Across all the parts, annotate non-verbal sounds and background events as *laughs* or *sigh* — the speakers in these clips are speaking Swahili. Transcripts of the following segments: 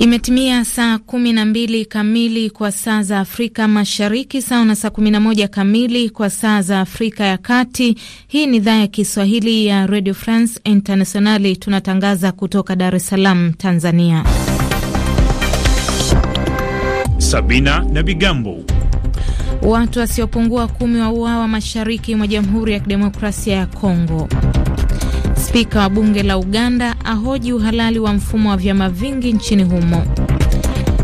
Imetimia saa kumi na mbili kamili kwa saa za Afrika Mashariki, sawa na saa kumi na moja kamili kwa saa za Afrika ya Kati. Hii ni idhaa ya Kiswahili ya Radio France Internationali, tunatangaza kutoka Dar es Salaam, Tanzania. Sabina na Bigambo. Watu wasiopungua kumi wa uawa mashariki mwa Jamhuri ya Kidemokrasia ya Kongo. Spika wa bunge la Uganda ahoji uhalali wa mfumo wa vyama vingi nchini humo.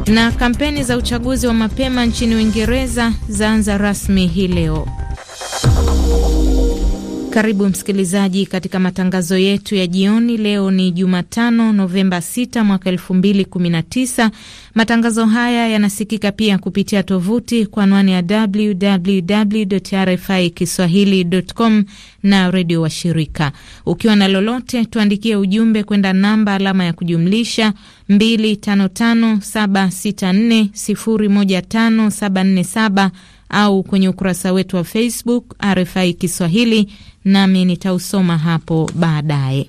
Na kampeni za uchaguzi wa mapema nchini Uingereza zaanza rasmi hii leo. Karibu msikilizaji katika matangazo yetu ya jioni. Leo ni Jumatano, Novemba 6 mwaka 2019. Matangazo haya yanasikika pia kupitia tovuti kwa anwani ya www RFI kiswahili.com na redio wa shirika Ukiwa na lolote, tuandikie ujumbe kwenda namba alama ya kujumlisha 255764015747 au kwenye ukurasa wetu wa Facebook RFI Kiswahili, nami nitausoma hapo baadaye.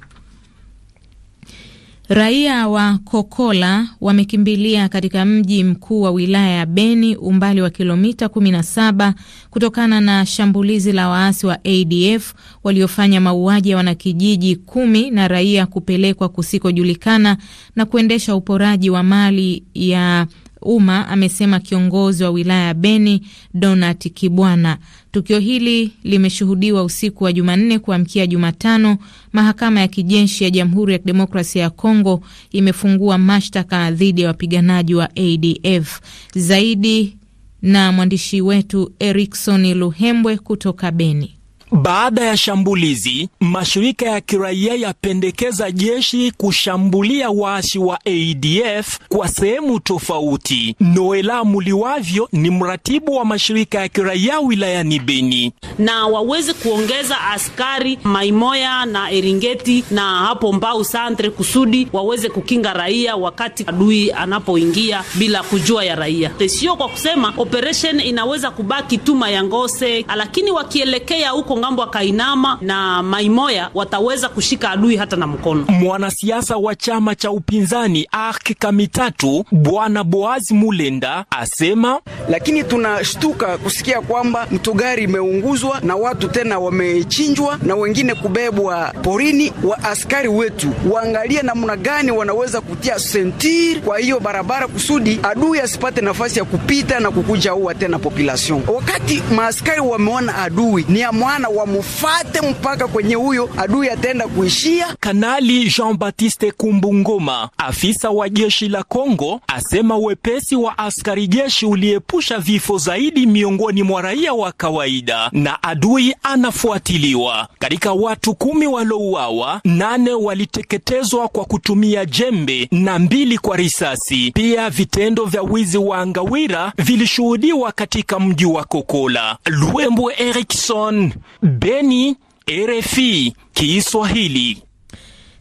Raia wa Kokola wamekimbilia katika mji mkuu wa wilaya ya Beni, umbali wa kilomita 17 kutokana na shambulizi la waasi wa ADF waliofanya mauaji ya wanakijiji kumi na raia kupelekwa kusikojulikana na kuendesha uporaji wa mali ya umma, amesema kiongozi wa wilaya ya Beni Donat Kibwana. Tukio hili limeshuhudiwa usiku wa Jumanne kuamkia Jumatano. Mahakama ya kijeshi ya Jamhuri ya Kidemokrasia ya Kongo imefungua mashtaka dhidi ya wapiganaji wa ADF. Zaidi na mwandishi wetu Erikson Luhembwe kutoka Beni. Baada ya shambulizi, mashirika ya kiraia yapendekeza jeshi kushambulia waasi wa ADF kwa sehemu tofauti. Noela Muliwavyo ni mratibu wa mashirika ya kiraia wilayani Beni. na waweze kuongeza askari Maimoya na Eringeti na hapo Mbau Santre kusudi waweze kukinga raia wakati adui anapoingia bila kujua ya raia. Sio kwa kusema operation inaweza kubaki tu Mayangose, lakini wakielekea huko hapo ngambo akainama na maimoya wataweza kushika adui hata na mkono. Mwanasiasa wa chama cha upinzani ark Kamitatu Bwana Boazi Mulenda asema, lakini tunashtuka kusikia kwamba Mtugari imeunguzwa na watu tena wamechinjwa na wengine kubebwa porini. Wa askari wetu waangalie namna gani wanaweza kutia sentir kwa hiyo barabara kusudi adui asipate nafasi ya kupita na kukuja ua tena population. Wakati maaskari wameona adui ni ya mwana sana, wamufate mpaka kwenye huyo adui ataenda kuishia. Kanali Jean Baptiste Kumbungoma, afisa wa jeshi la Kongo, asema wepesi wa askari jeshi uliepusha vifo zaidi miongoni mwa raia wa kawaida, na adui anafuatiliwa. Katika watu kumi walouawa, nane waliteketezwa kwa kutumia jembe na mbili kwa risasi. Pia vitendo vya wizi wa angawira vilishuhudiwa katika mji wa Kokola. Luembo Erikson, Beni, RFI Kiswahili.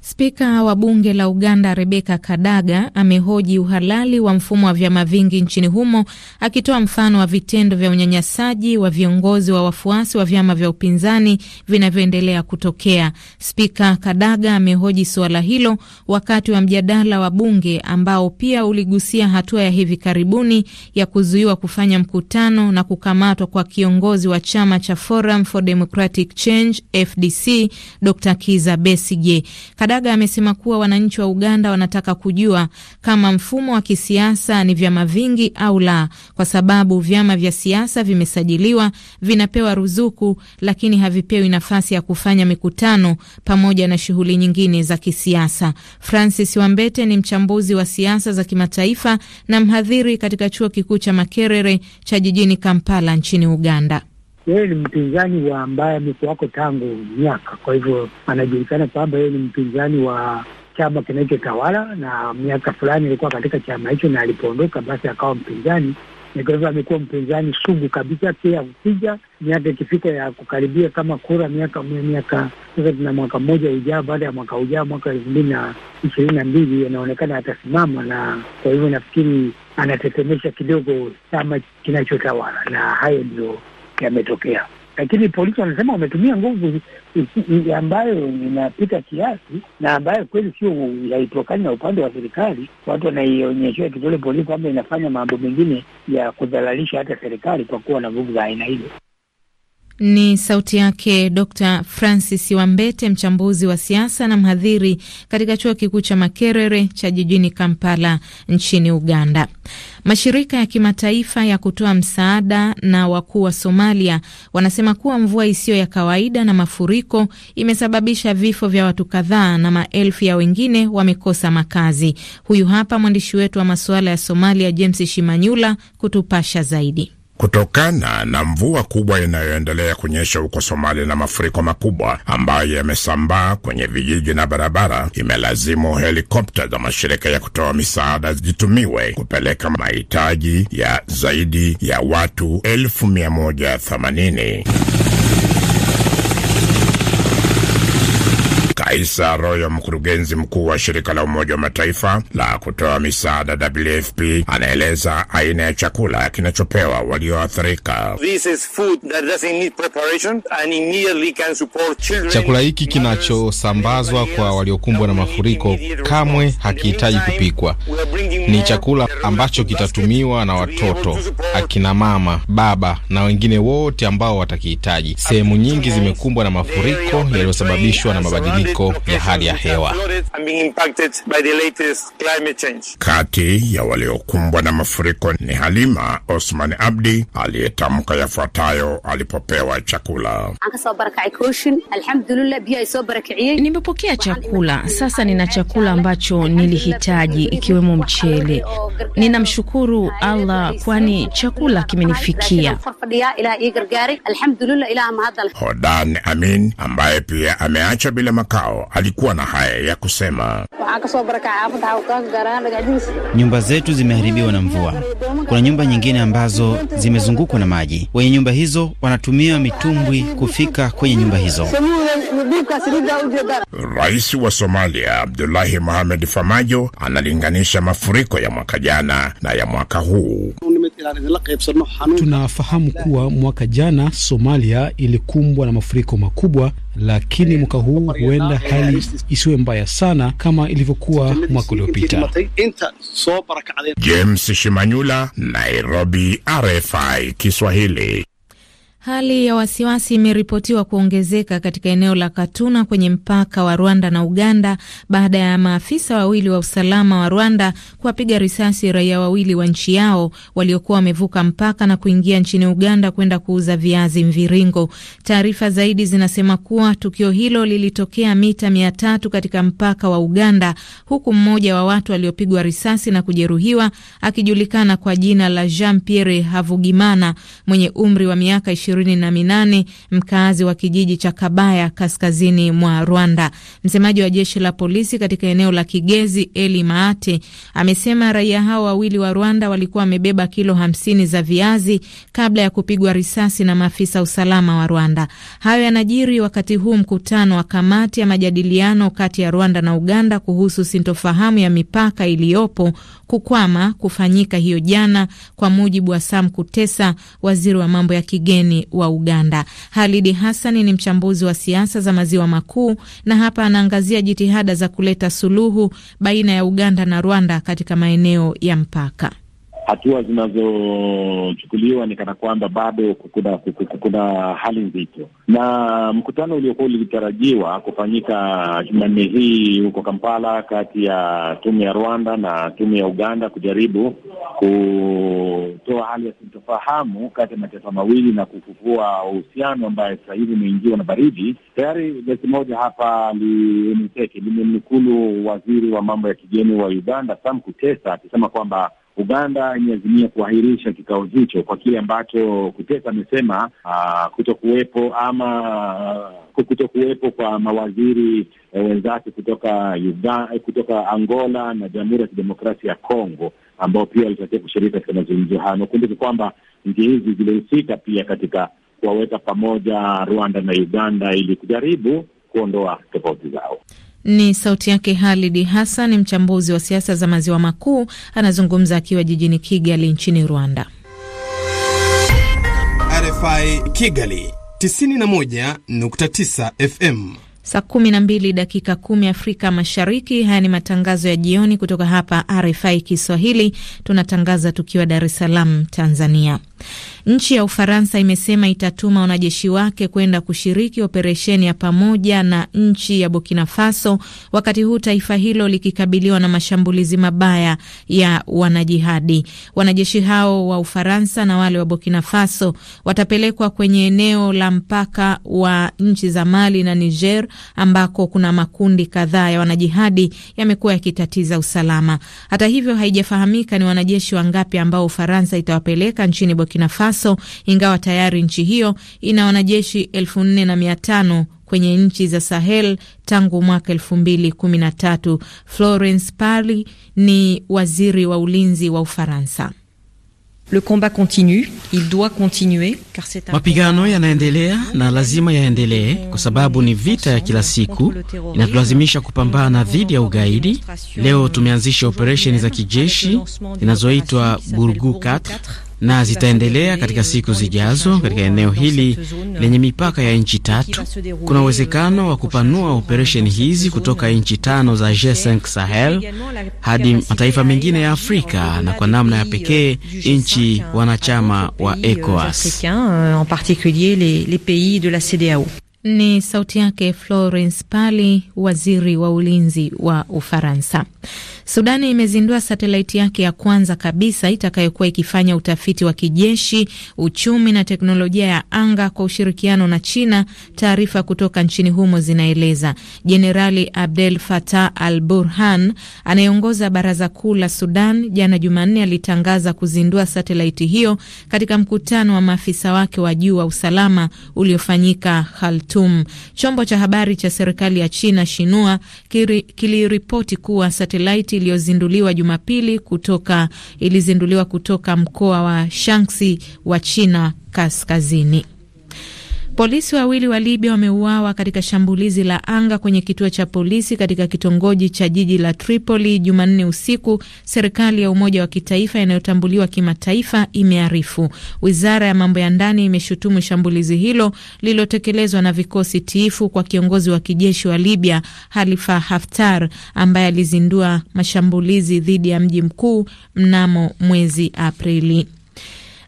Spika wa bunge la Uganda Rebeka Kadaga amehoji uhalali wa mfumo wa vyama vingi nchini humo akitoa mfano wa vitendo vya unyanyasaji wa viongozi wa wafuasi wa vyama vya upinzani vinavyoendelea kutokea. Spika Kadaga amehoji suala hilo wakati wa mjadala wa bunge ambao pia uligusia hatua ya hivi karibuni ya kuzuiwa kufanya mkutano na kukamatwa kwa kiongozi wa chama cha Forum for Democratic Change FDC Dr Kiza Besigye. Mdaga amesema kuwa wananchi wa Uganda wanataka kujua kama mfumo wa kisiasa ni vyama vingi au la, kwa sababu vyama vya siasa vimesajiliwa, vinapewa ruzuku, lakini havipewi nafasi ya kufanya mikutano pamoja na shughuli nyingine za kisiasa. Francis Wambete ni mchambuzi wa siasa za kimataifa na mhadhiri katika chuo kikuu cha Makerere cha jijini Kampala nchini Uganda yeye ni mpinzani wa ambaye amekuwako tangu miaka, kwa hivyo anajulikana kwamba yeye ni mpinzani wa chama kinachotawala na miaka fulani alikuwa katika chama hicho, na alipoondoka basi akawa mpinzani na kwa hivyo amekuwa mpinzani sugu kabisa. Pia ukija miaka ikifika ya kukaribia kama kura miaka miaka sasa, tuna mwaka mmoja ujao, baada ya mwaka ujao, mwaka elfu mbili na ishirini na mbili, anaonekana atasimama, na kwa hivyo nafikiri anatetemesha kidogo chama kinachotawala, na hayo ndio yametokea, lakini polisi wanasema wametumia nguvu ambayo inapita kiasi na ambayo kweli sio, haitokani na upande wa serikali. Watu wanaionyeshea kidole polisi kwamba inafanya mambo mengine ya kudhalalisha hata serikali kwa kuwa na nguvu za aina hiyo. Ni sauti yake Dr Francis Wambete, mchambuzi wa siasa na mhadhiri katika chuo kikuu cha Makerere cha jijini Kampala nchini Uganda. Mashirika ya kimataifa ya kutoa msaada na wakuu wa Somalia wanasema kuwa mvua isiyo ya kawaida na mafuriko imesababisha vifo vya watu kadhaa na maelfu ya wengine wamekosa makazi. Huyu hapa mwandishi wetu wa masuala ya Somalia, James Shimanyula, kutupasha zaidi. Kutokana na mvua kubwa inayoendelea kunyesha huko Somalia na mafuriko makubwa ambayo yamesambaa kwenye vijiji na barabara, imelazimu helikopta za mashirika ya kutoa misaada zitumiwe kupeleka mahitaji ya zaidi ya watu elfu mia moja themanini. Kaisa Royo, mkurugenzi mkuu wa shirika la Umoja wa Mataifa la kutoa misaada WFP, anaeleza aina ya chakula kinachopewa walioathirika. Chakula hiki kinachosambazwa kwa waliokumbwa na mafuriko kamwe hakihitaji kupikwa. Ni chakula ambacho kitatumiwa na watoto, akina mama, baba na wengine wote ambao watakihitaji. Sehemu nyingi zimekumbwa na mafuriko yaliyosababishwa na mabadiliko mabadiliko ya hali ya hewa. Kati ya waliokumbwa na mafuriko ni Halima Osman Abdi aliyetamka yafuatayo alipopewa chakula. Nimepokea chakula, sasa nina chakula ambacho nilihitaji ikiwemo mchele. Ninamshukuru Allah kwani chakula kimenifikia. Hodan Amin ambaye pia ameacha bila makao yao, alikuwa na haya ya kusema: nyumba zetu zimeharibiwa na mvua. Kuna nyumba nyingine ambazo zimezungukwa na maji. Wenye nyumba hizo wanatumia mitumbwi kufika kwenye nyumba hizo. Rais wa Somalia Abdullahi Mohamed Farmajo analinganisha mafuriko ya mwaka jana na ya mwaka huu. Tunafahamu kuwa mwaka jana Somalia ilikumbwa na mafuriko makubwa lakini mwaka huu huenda hali isiwe mbaya sana kama ilivyokuwa mwaka uliopita. James Shimanyula, Nairobi, RFI Kiswahili. Hali ya wasiwasi imeripotiwa kuongezeka katika eneo la Katuna kwenye mpaka wa Rwanda na Uganda baada ya maafisa wawili wa usalama wa Rwanda kuwapiga risasi raia wawili wa nchi yao waliokuwa wamevuka mpaka na kuingia nchini Uganda kwenda kuuza viazi mviringo. Taarifa zaidi zinasema kuwa tukio hilo lilitokea mita mia tatu katika mpaka wa Uganda, huku mmoja wa watu waliopigwa risasi na kujeruhiwa akijulikana kwa jina la Jean Pierre Havugimana mwenye umri wa miaka ishirini na minane mkazi wa kijiji cha Kabaya kaskazini mwa Rwanda. Msemaji wa jeshi la polisi katika eneo la Kigezi Eli Maate amesema raia hao wawili wa Rwanda walikuwa wamebeba kilo hamsini za viazi kabla ya kupigwa risasi na maafisa usalama wa Rwanda. Hayo yanajiri wakati huu mkutano wa kamati ya majadiliano kati ya Rwanda na Uganda kuhusu sintofahamu ya mipaka iliyopo kukwama kufanyika hiyo jana, kwa mujibu wa Sam Kutesa, waziri wa mambo ya kigeni wa Uganda. Halidi Hassani ni mchambuzi wa siasa za maziwa makuu na hapa anaangazia jitihada za kuleta suluhu baina ya Uganda na Rwanda katika maeneo ya mpaka hatua zinazochukuliwa ni kana kwamba bado kuna, kuna hali nzito, na mkutano uliokuwa ulitarajiwa kufanyika Jumanne hii huko Kampala kati ya tume ya Rwanda na tume ya Uganda kujaribu kutoa hali ya sintofahamu kati ya mataifa mawili na kufufua uhusiano ambaye sasa hivi umeingiwa na baridi. Tayari gazeti moja hapa limemnukulu waziri wa mambo ya kigeni wa Uganda Sam Kutesa akisema kwamba Uganda imeazimia kuahirisha kikao hicho kwa kile ambacho Kutesa amesema ah, kutokuwepo kuwepo ama kuto kuwepo kwa mawaziri eh, wenzake kutoka Uganda, eh, kutoka Angola na Jamhuri ya Kidemokrasia ya Kongo ambao pia walitakia kushiriki katika mazungumzo hayo. Nakumbuka kwamba nchi hizi zilihusika pia katika kuwaweka pamoja Rwanda na Uganda ili kujaribu kuondoa tofauti zao. Ni sauti yake Halidi Hassan, mchambuzi wa siasa za maziwa makuu, anazungumza akiwa jijini Kigali nchini Rwanda. RFI Kigali 91.9 FM. Saa kumi na mbili dakika kumi Afrika Mashariki. Haya ni matangazo ya jioni kutoka hapa RFI Kiswahili, tunatangaza tukiwa Dar es Salaam, Tanzania. Nchi ya Ufaransa imesema itatuma wanajeshi wake kwenda kushiriki operesheni ya pamoja na nchi ya Burkina Faso, wakati huu taifa hilo likikabiliwa na mashambulizi mabaya ya wanajihadi. Wanajeshi hao wa Ufaransa na wale wa Burkina Faso watapelekwa kwenye eneo la mpaka wa nchi za Mali na Niger ambako kuna makundi kadhaa ya wanajihadi yamekuwa yakitatiza usalama. Hata hivyo, haijafahamika ni wanajeshi wangapi ambao Ufaransa itawapeleka nchini Burkina Faso, ingawa tayari nchi hiyo ina wanajeshi elfu nne na mia tano kwenye nchi za Sahel tangu mwaka elfu mbili kumi na tatu. Florence Parly ni waziri wa ulinzi wa Ufaransa. Le combat continue, il doit continuer, car c'est mapigano yanaendelea na lazima yaendelee, kwa sababu ni vita ya kila siku, inatulazimisha kupambana dhidi ya ugaidi. Leo tumeanzisha operesheni za kijeshi zinazoitwa Burgu 4 na zitaendelea katika siku zijazo katika eneo hili lenye mipaka ya nchi tatu. Kuna uwezekano wa kupanua operesheni hizi kutoka nchi tano za G5 Sahel hadi mataifa mengine ya Afrika na kwa namna ya pekee nchi wanachama wa ECOWAS. Ni sauti yake Florence Pali, waziri wa ulinzi wa Ufaransa. Sudani imezindua satelaiti yake ya kwanza kabisa itakayokuwa ikifanya utafiti wa kijeshi, uchumi na teknolojia ya anga kwa ushirikiano na China. Taarifa kutoka nchini humo zinaeleza Jenerali Abdel Fattah al Burhan anayeongoza baraza kuu la Sudan jana Jumanne alitangaza kuzindua satelaiti hiyo katika mkutano wa maafisa wake wa juu wa usalama uliofanyika Khartoum. Khartoum. Chombo cha habari cha serikali ya China Shinua kiliripoti kuwa satelaiti iliyozinduliwa Jumapili kutoka ilizinduliwa kutoka mkoa wa Shanxi wa China kaskazini. Polisi wawili wa Libya wameuawa katika shambulizi la anga kwenye kituo cha polisi katika kitongoji cha jiji la Tripoli Jumanne usiku, serikali ya umoja wa kitaifa inayotambuliwa kimataifa imearifu. Wizara ya mambo ya ndani imeshutumu shambulizi hilo lililotekelezwa na vikosi tiifu kwa kiongozi wa kijeshi wa Libya halifa Haftar ambaye alizindua mashambulizi dhidi ya mji mkuu mnamo mwezi Aprili.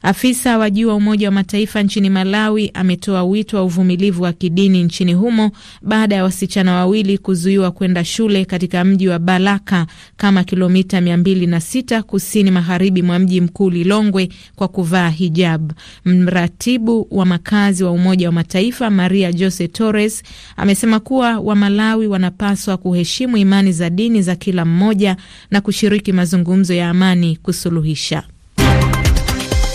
Afisa wa juu wa Umoja wa Mataifa nchini Malawi ametoa wito wa uvumilivu wa kidini nchini humo baada ya wasichana wawili kuzuiwa kwenda shule katika mji wa Balaka, kama kilomita 206 kusini magharibi mwa mji mkuu Lilongwe, kwa kuvaa hijab. Mratibu wa makazi wa Umoja wa Mataifa Maria Jose Torres amesema kuwa Wamalawi wanapaswa kuheshimu imani za dini za kila mmoja na kushiriki mazungumzo ya amani kusuluhisha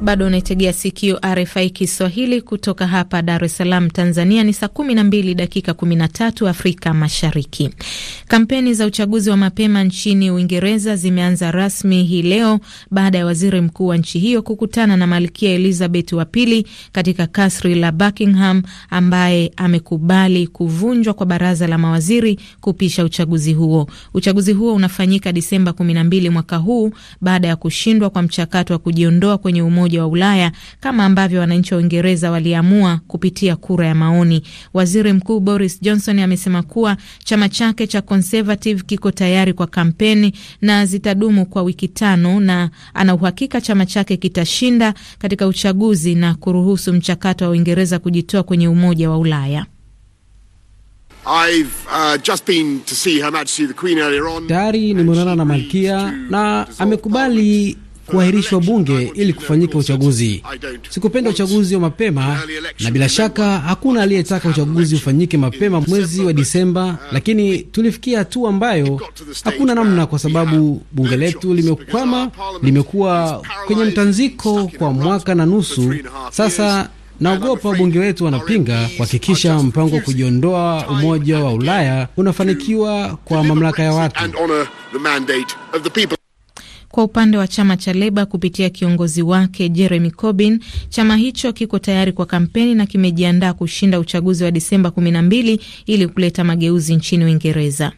Bado unaitegea sikio RFI Kiswahili kutoka hapa Dar es Salaam, Tanzania. Ni saa kumi na mbili dakika kumi na tatu Afrika Mashariki. Kampeni za uchaguzi wa mapema nchini Uingereza zimeanza rasmi hii leo baada ya waziri mkuu wa nchi hiyo kukutana na Malkia Elizabeth wa Pili katika kasri la Buckingham, ambaye amekubali kuvunjwa kwa baraza la mawaziri kupisha uchaguzi huo. Uchaguzi huo unafanyika Disemba 12 mwaka huu baada ya kushindwa kwa mchakato wa kujiondoa kwenye umoja Umoja wa Ulaya kama ambavyo wananchi wa Uingereza waliamua kupitia kura ya maoni. Waziri Mkuu Boris Johnson amesema kuwa chama chake cha Conservative kiko tayari kwa kampeni na zitadumu kwa wiki tano, na ana uhakika chama chake kitashinda katika uchaguzi na kuruhusu mchakato wa Uingereza kujitoa kwenye Umoja wa Ulaya. Uh, tayari uh, nimeonana na malkia na amekubali kuahirishwa bunge ili kufanyika uchaguzi. Sikupenda uchaguzi wa mapema, na bila shaka hakuna aliyetaka uchaguzi ufanyike mapema mwezi wa Disemba, lakini tulifikia hatua ambayo hakuna namna, kwa sababu bunge letu limekwama, limekuwa kwenye mtanziko kwa mwaka na nusu sasa. Naogopa wabunge wetu wanapinga kuhakikisha mpango wa kujiondoa Umoja wa Ulaya unafanikiwa kwa mamlaka ya watu. Kwa upande wa chama cha Leba kupitia kiongozi wake Jeremy Corbyn, chama hicho kiko tayari kwa kampeni na kimejiandaa kushinda uchaguzi wa Disemba 12 ili kuleta mageuzi nchini Uingereza.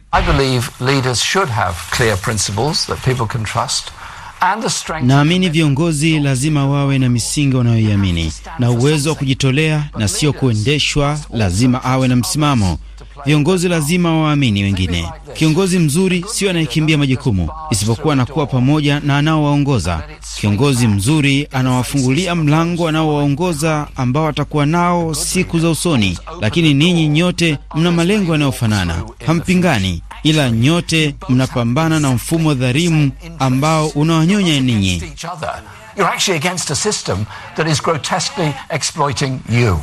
Naamini viongozi lazima wawe na misingi wanayoiamini na uwezo wa kujitolea na sio kuendeshwa. Lazima awe na msimamo Viongozi lazima waamini wengine. Kiongozi mzuri sio anayekimbia majukumu, isipokuwa anakuwa pamoja na anaowaongoza. Kiongozi mzuri anawafungulia mlango anaowaongoza ambao atakuwa nao siku za usoni. Lakini ninyi nyote mna malengo yanayofanana, hampingani, ila nyote mnapambana na mfumo dharimu ambao unawanyonya ninyi. You're actually against a system that is grotesquely exploiting you.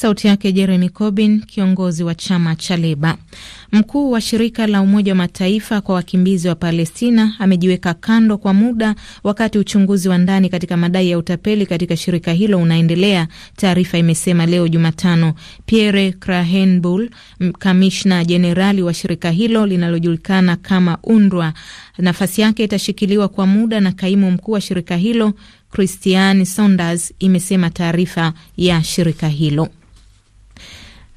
Sauti yake Jeremy Corbyn, kiongozi wa chama cha Leba. Mkuu wa shirika la Umoja wa Mataifa kwa wakimbizi wa Palestina amejiweka kando kwa muda wakati uchunguzi wa ndani katika madai ya utapeli katika shirika hilo unaendelea, taarifa imesema leo Jumatano. Pierre Krahenbul, kamishna jenerali wa shirika hilo linalojulikana kama UNRWA, nafasi yake itashikiliwa kwa muda na kaimu mkuu wa shirika hilo Christian Saunders, imesema taarifa ya shirika hilo.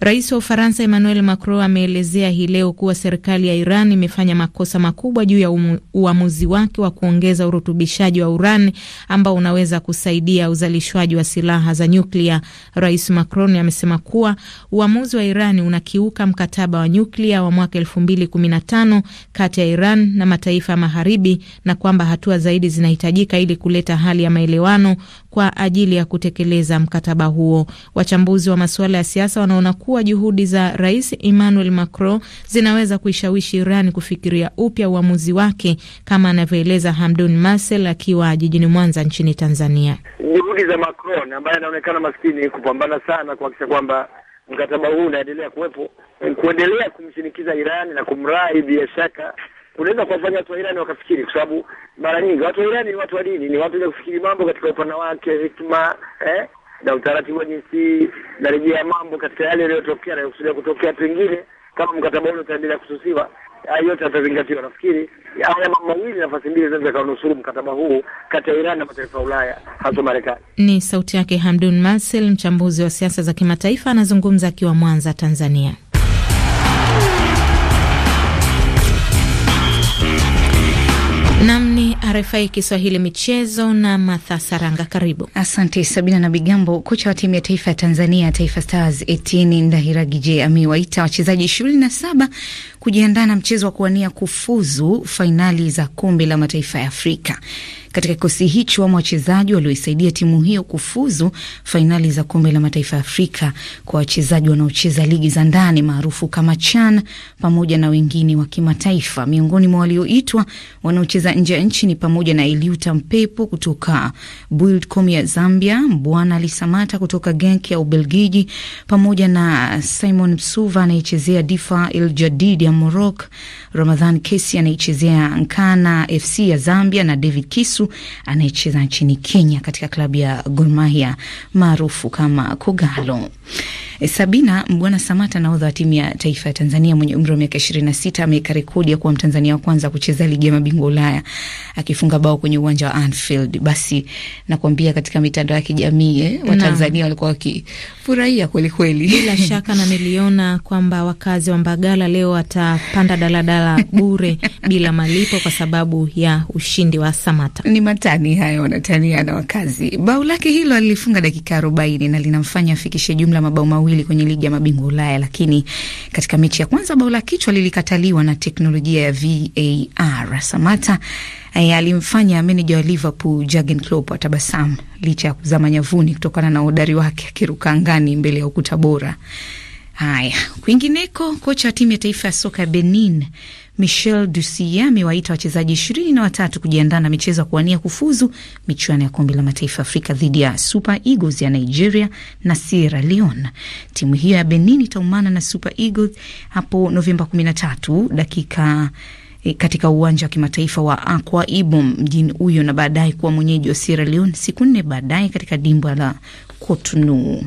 Rais wa Ufaransa Emmanuel Macron ameelezea hii leo kuwa serikali ya Iran imefanya makosa makubwa juu ya umu, uamuzi wake wa kuongeza urutubishaji wa urani ambao unaweza kusaidia uzalishwaji wa silaha za nyuklia. Rais Macron amesema kuwa uamuzi wa Iran unakiuka mkataba wa nyuklia wa mwaka 2015 kati ya Iran na mataifa ya Magharibi na kwamba hatua zaidi zinahitajika ili kuleta hali ya maelewano kwa ajili ya kutekeleza mkataba huo. Wachambuzi wa masuala ya siasa wanaona kuwa juhudi za Rais Emmanuel Macron zinaweza kuishawishi Iran kufikiria upya uamuzi wake, kama anavyoeleza Hamdun Marcel akiwa jijini Mwanza nchini Tanzania. Juhudi za Macron ambaye anaonekana maskini kupambana sana kuhakikisha kwamba mkataba huu unaendelea kuwepo, kuendelea kumshinikiza Iran na kumrai bila shaka unaweza kuwafanya watu wa Irani wakafikiri, kwa sababu mara nyingi watu wa Irani ni watu wa dini, ni watu wenye kufikiri mambo katika upana wake, hikma eh, na utaratibu wa jinsi na rejea ya mambo katika yale yaliyotokea na kutokea. Pengine kama mkataba ule utaendelea kususiwa, hayo yote atazingatiwa Nafikiri haya mambo mawili, nafasi mbili zinaweza akanusuru mkataba huu kati ya iran na mataifa ya Ulaya, hasa Marekani. Ni sauti yake Hamdun Marsel, mchambuzi wa siasa za kimataifa, anazungumza akiwa Mwanza, Tanzania. RFI Kiswahili michezo na matha Saranga, karibu. Asante Sabina na Bigambo. Kocha wa timu ya taifa ya Tanzania, Taifa Stars, Etienne Ndahiragije amewaita wachezaji ishirini na saba kujiandaa na mchezo wa kuwania kufuzu fainali za kombe la mataifa ya Afrika. Katika kikosi hicho wamo wachezaji walioisaidia timu hiyo kufuzu fainali za kombe la mataifa ya Afrika kwa wachezaji wanaocheza ligi za ndani maarufu kama CHAN pamoja na wengine wa kimataifa. Miongoni mwa walioitwa wanaocheza nje ya nchi ni pamoja na Eliuta Mpepo kutoka Buildcom ya Zambia, Mbwana Lisamata kutoka Genk ya Ubelgiji pamoja na Simon Msuva anayechezea Difa El Jadid ya Morocco, Ramadhan Kesi anayechezea Nkana FC ya Zambia na David Kisu Lusu anayecheza nchini Kenya katika klabu ya Gor Mahia maarufu kama Kogalo. E, Sabina Mbwana Samata, nahodha wa timu ya taifa ya Tanzania mwenye umri wa miaka 26 ameweka rekodi ya kuwa Mtanzania wa kwanza kucheza ligi ya mabingwa Ulaya akifunga bao kwenye uwanja wa Anfield. Basi nakwambia katika mitandao ya kijamii eh, Watanzania walikuwa wakifurahia kweli kweli. Bila shaka na niliona kwamba wakazi wa Mbagala leo watapanda daladala bure *laughs* bila malipo kwa sababu ya ushindi wa Samata. Ni matani hayo wanatania na wakazi. Bao lake hilo alilifunga dakika 40 na linamfanya afikishe jumla mabao mawili mawili kwenye ligi ya mabingwa Ulaya, lakini katika mechi ya kwanza bao la kichwa lilikataliwa na teknolojia ya VAR. Samata eh, alimfanya meneja wa Liverpool Jurgen Klopp atabasamu licha ya kuzama nyavuni kutokana na uhodari wake akiruka angani mbele ya ukuta bora. Haya, kwingineko kocha wa timu ya taifa ya soka ya Benin Michel Ducia amewaita wachezaji ishirini na watatu kujiandaa na michezo ya kuwania kufuzu michuano ya kombe la mataifa Afrika dhidi ya Super Eagles ya Nigeria na Sierra Leone. Timu hiyo ya Benin itaumana na Super Eagles hapo Novemba 13 dakika eh, katika uwanja wa kimataifa wa Akwa Ibom mjini huyo na baadaye kuwa mwenyeji wa Sierra Leone siku nne baadaye katika dimbwa la Cotonou.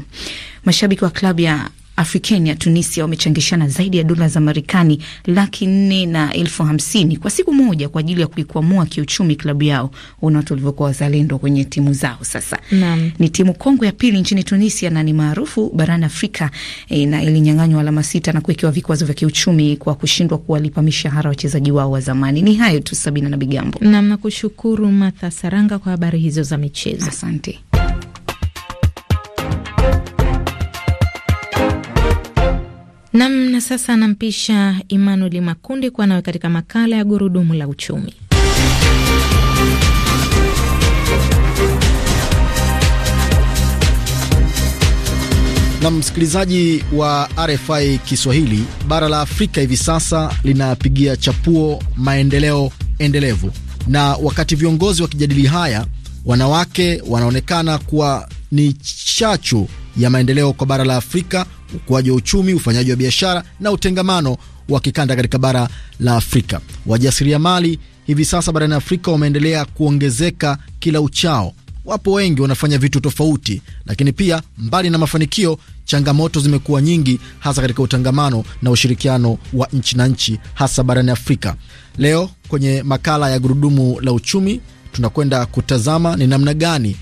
Mashabiki wa klabu ya Africain ya Tunisia wamechangishana zaidi ya dola za Marekani laki nne na elfu hamsini kwa siku moja kwa ajili ya kuikwamua kiuchumi klabu yao. Una watu walivyokuwa wazalendo kwenye timu zao. Sasa Naam. ni timu kongwe ya pili nchini Tunisia na ni maarufu barani Afrika e, na ilinyang'anywa alama sita na kuwekewa vikwazo vya kiuchumi kwa kushindwa kuwalipa mishahara wachezaji wao wa zamani. Ni hayo tu, Sabina na Bigambo. Naam, nakushukuru Martha Saranga kwa habari hizo za michezo. Asante. Nam, na sasa anampisha Emmanuel Makundi kuwa nawe katika makala ya gurudumu la uchumi. Na msikilizaji wa RFI Kiswahili, bara la Afrika hivi sasa linapigia chapuo maendeleo endelevu, na wakati viongozi wakijadili haya, wanawake wanaonekana kuwa ni chachu ya maendeleo kwa bara la Afrika ukuaji wa uchumi, ufanyaji wa biashara na utengamano wa kikanda katika bara la Afrika. Wajasiriamali hivi sasa barani Afrika wameendelea kuongezeka kila uchao. Wapo wengi wanafanya vitu tofauti, lakini pia mbali na mafanikio, changamoto zimekuwa nyingi, hasa katika utangamano na ushirikiano wa nchi na nchi, hasa barani Afrika. Leo kwenye makala ya Gurudumu la Uchumi tunakwenda kutazama ni namna gani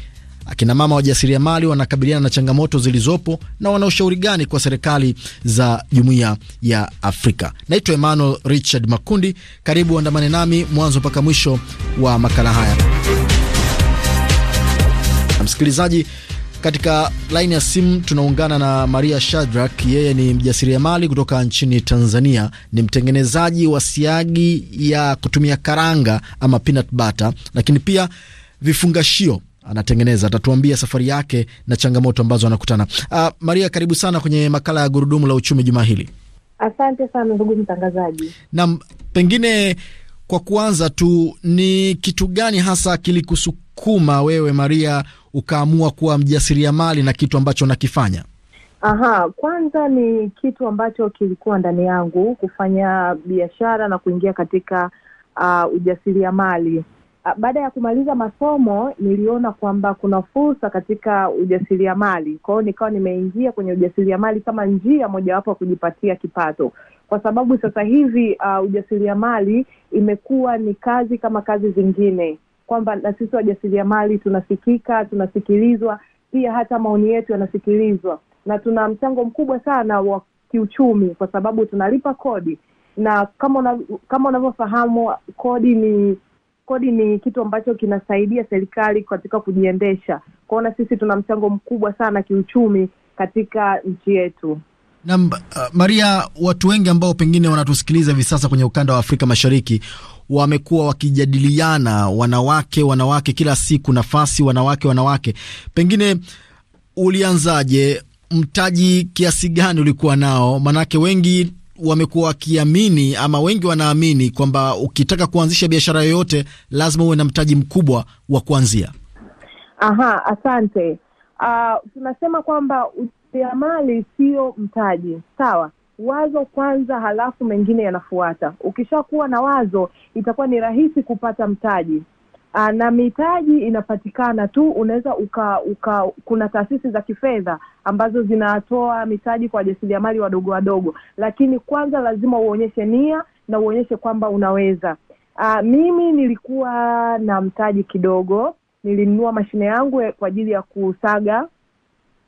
akina mama wajasiriamali wanakabiliana na changamoto zilizopo na wana ushauri gani kwa serikali za jumuiya ya Afrika? Naitwa Emmanuel Richard Makundi, karibu andamane nami mwanzo mpaka mwisho wa makala haya. Na msikilizaji, katika laini ya simu tunaungana na Maria Shadrack. Yeye ni mjasiriamali kutoka nchini Tanzania, ni mtengenezaji wa siagi ya kutumia karanga ama peanut butter, lakini pia vifungashio anatengeneza atatuambia safari yake na changamoto ambazo anakutana. Uh, Maria, karibu sana kwenye makala ya gurudumu la uchumi juma hili. Asante sana ndugu mtangazaji. Naam, pengine kwa kuanza tu, ni kitu gani hasa kilikusukuma wewe Maria ukaamua kuwa mjasiriamali na kitu ambacho nakifanya? Aha, kwanza ni kitu ambacho kilikuwa ndani yangu kufanya biashara na kuingia katika uh, ujasiriamali baada ya kumaliza masomo niliona kwamba kuna fursa katika ujasiriamali. Kwa nikawa nimeingia kwenye ujasiriamali kama njia mojawapo ya kujipatia kipato, kwa sababu sasa hivi uh, ujasiriamali imekuwa ni kazi kama kazi zingine, kwamba na sisi wajasiriamali tunasikika, tunasikilizwa, pia hata maoni yetu yanasikilizwa, na tuna mchango mkubwa sana wa kiuchumi, kwa sababu tunalipa kodi, na kama una, kama unavyofahamu kodi ni kodi ni kitu ambacho kinasaidia serikali katika kujiendesha. Kwaona sisi tuna mchango mkubwa sana kiuchumi katika nchi yetu. Na uh, Maria, watu wengi ambao pengine wanatusikiliza hivi sasa kwenye ukanda wa Afrika Mashariki wamekuwa wakijadiliana wanawake, wanawake kila siku, nafasi wanawake, wanawake. Pengine ulianzaje? Mtaji kiasi gani ulikuwa nao? Maanake wengi wamekuwa wakiamini ama wengi wanaamini kwamba ukitaka kuanzisha biashara yoyote lazima uwe na mtaji mkubwa wa kuanzia. Aha, asante. Uh, tunasema kwamba ujasiriamali sio mtaji, sawa? Wazo kwanza, halafu mengine yanafuata. Ukishakuwa na wazo, itakuwa ni rahisi kupata mtaji, Ah, na mitaji inapatikana tu, unaweza uka, uka kuna taasisi za kifedha ambazo zinatoa mitaji kwa wajasiriamali wadogo wadogo, lakini kwanza lazima uonyeshe nia na uonyeshe kwamba unaweza. Aa, ah, mimi nilikuwa na mtaji kidogo, nilinunua mashine yangu kwa ajili ya kusaga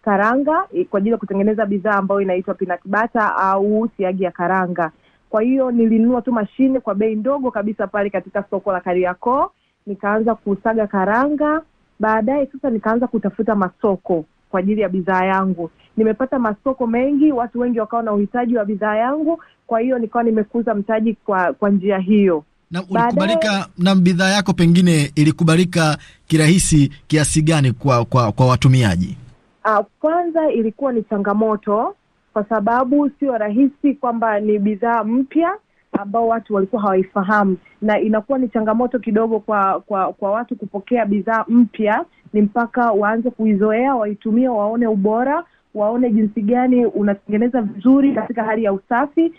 karanga kwa ajili ya kutengeneza bidhaa ambayo inaitwa pinakibata au siagi ya karanga. Kwa hiyo nilinunua tu mashine kwa bei ndogo kabisa pale katika soko la Kariakoo nikaanza kusaga karanga. Baadaye sasa nikaanza kutafuta masoko kwa ajili ya bidhaa yangu. Nimepata masoko mengi, watu wengi wakawa na uhitaji wa bidhaa yangu, kwa hiyo nikawa nimekuza mtaji kwa kwa njia hiyo. Na ulikubalika na bidhaa yako, pengine ilikubalika kirahisi kiasi gani kwa kwa, kwa watumiaji? Uh, kwanza ilikuwa ni changamoto kwa sababu sio rahisi kwamba ni bidhaa mpya ambao watu walikuwa hawaifahamu, na inakuwa ni changamoto kidogo kwa kwa, kwa watu kupokea bidhaa mpya. Ni mpaka waanze kuizoea, waitumie, waone ubora, waone jinsi gani unatengeneza vizuri katika hali ya usafi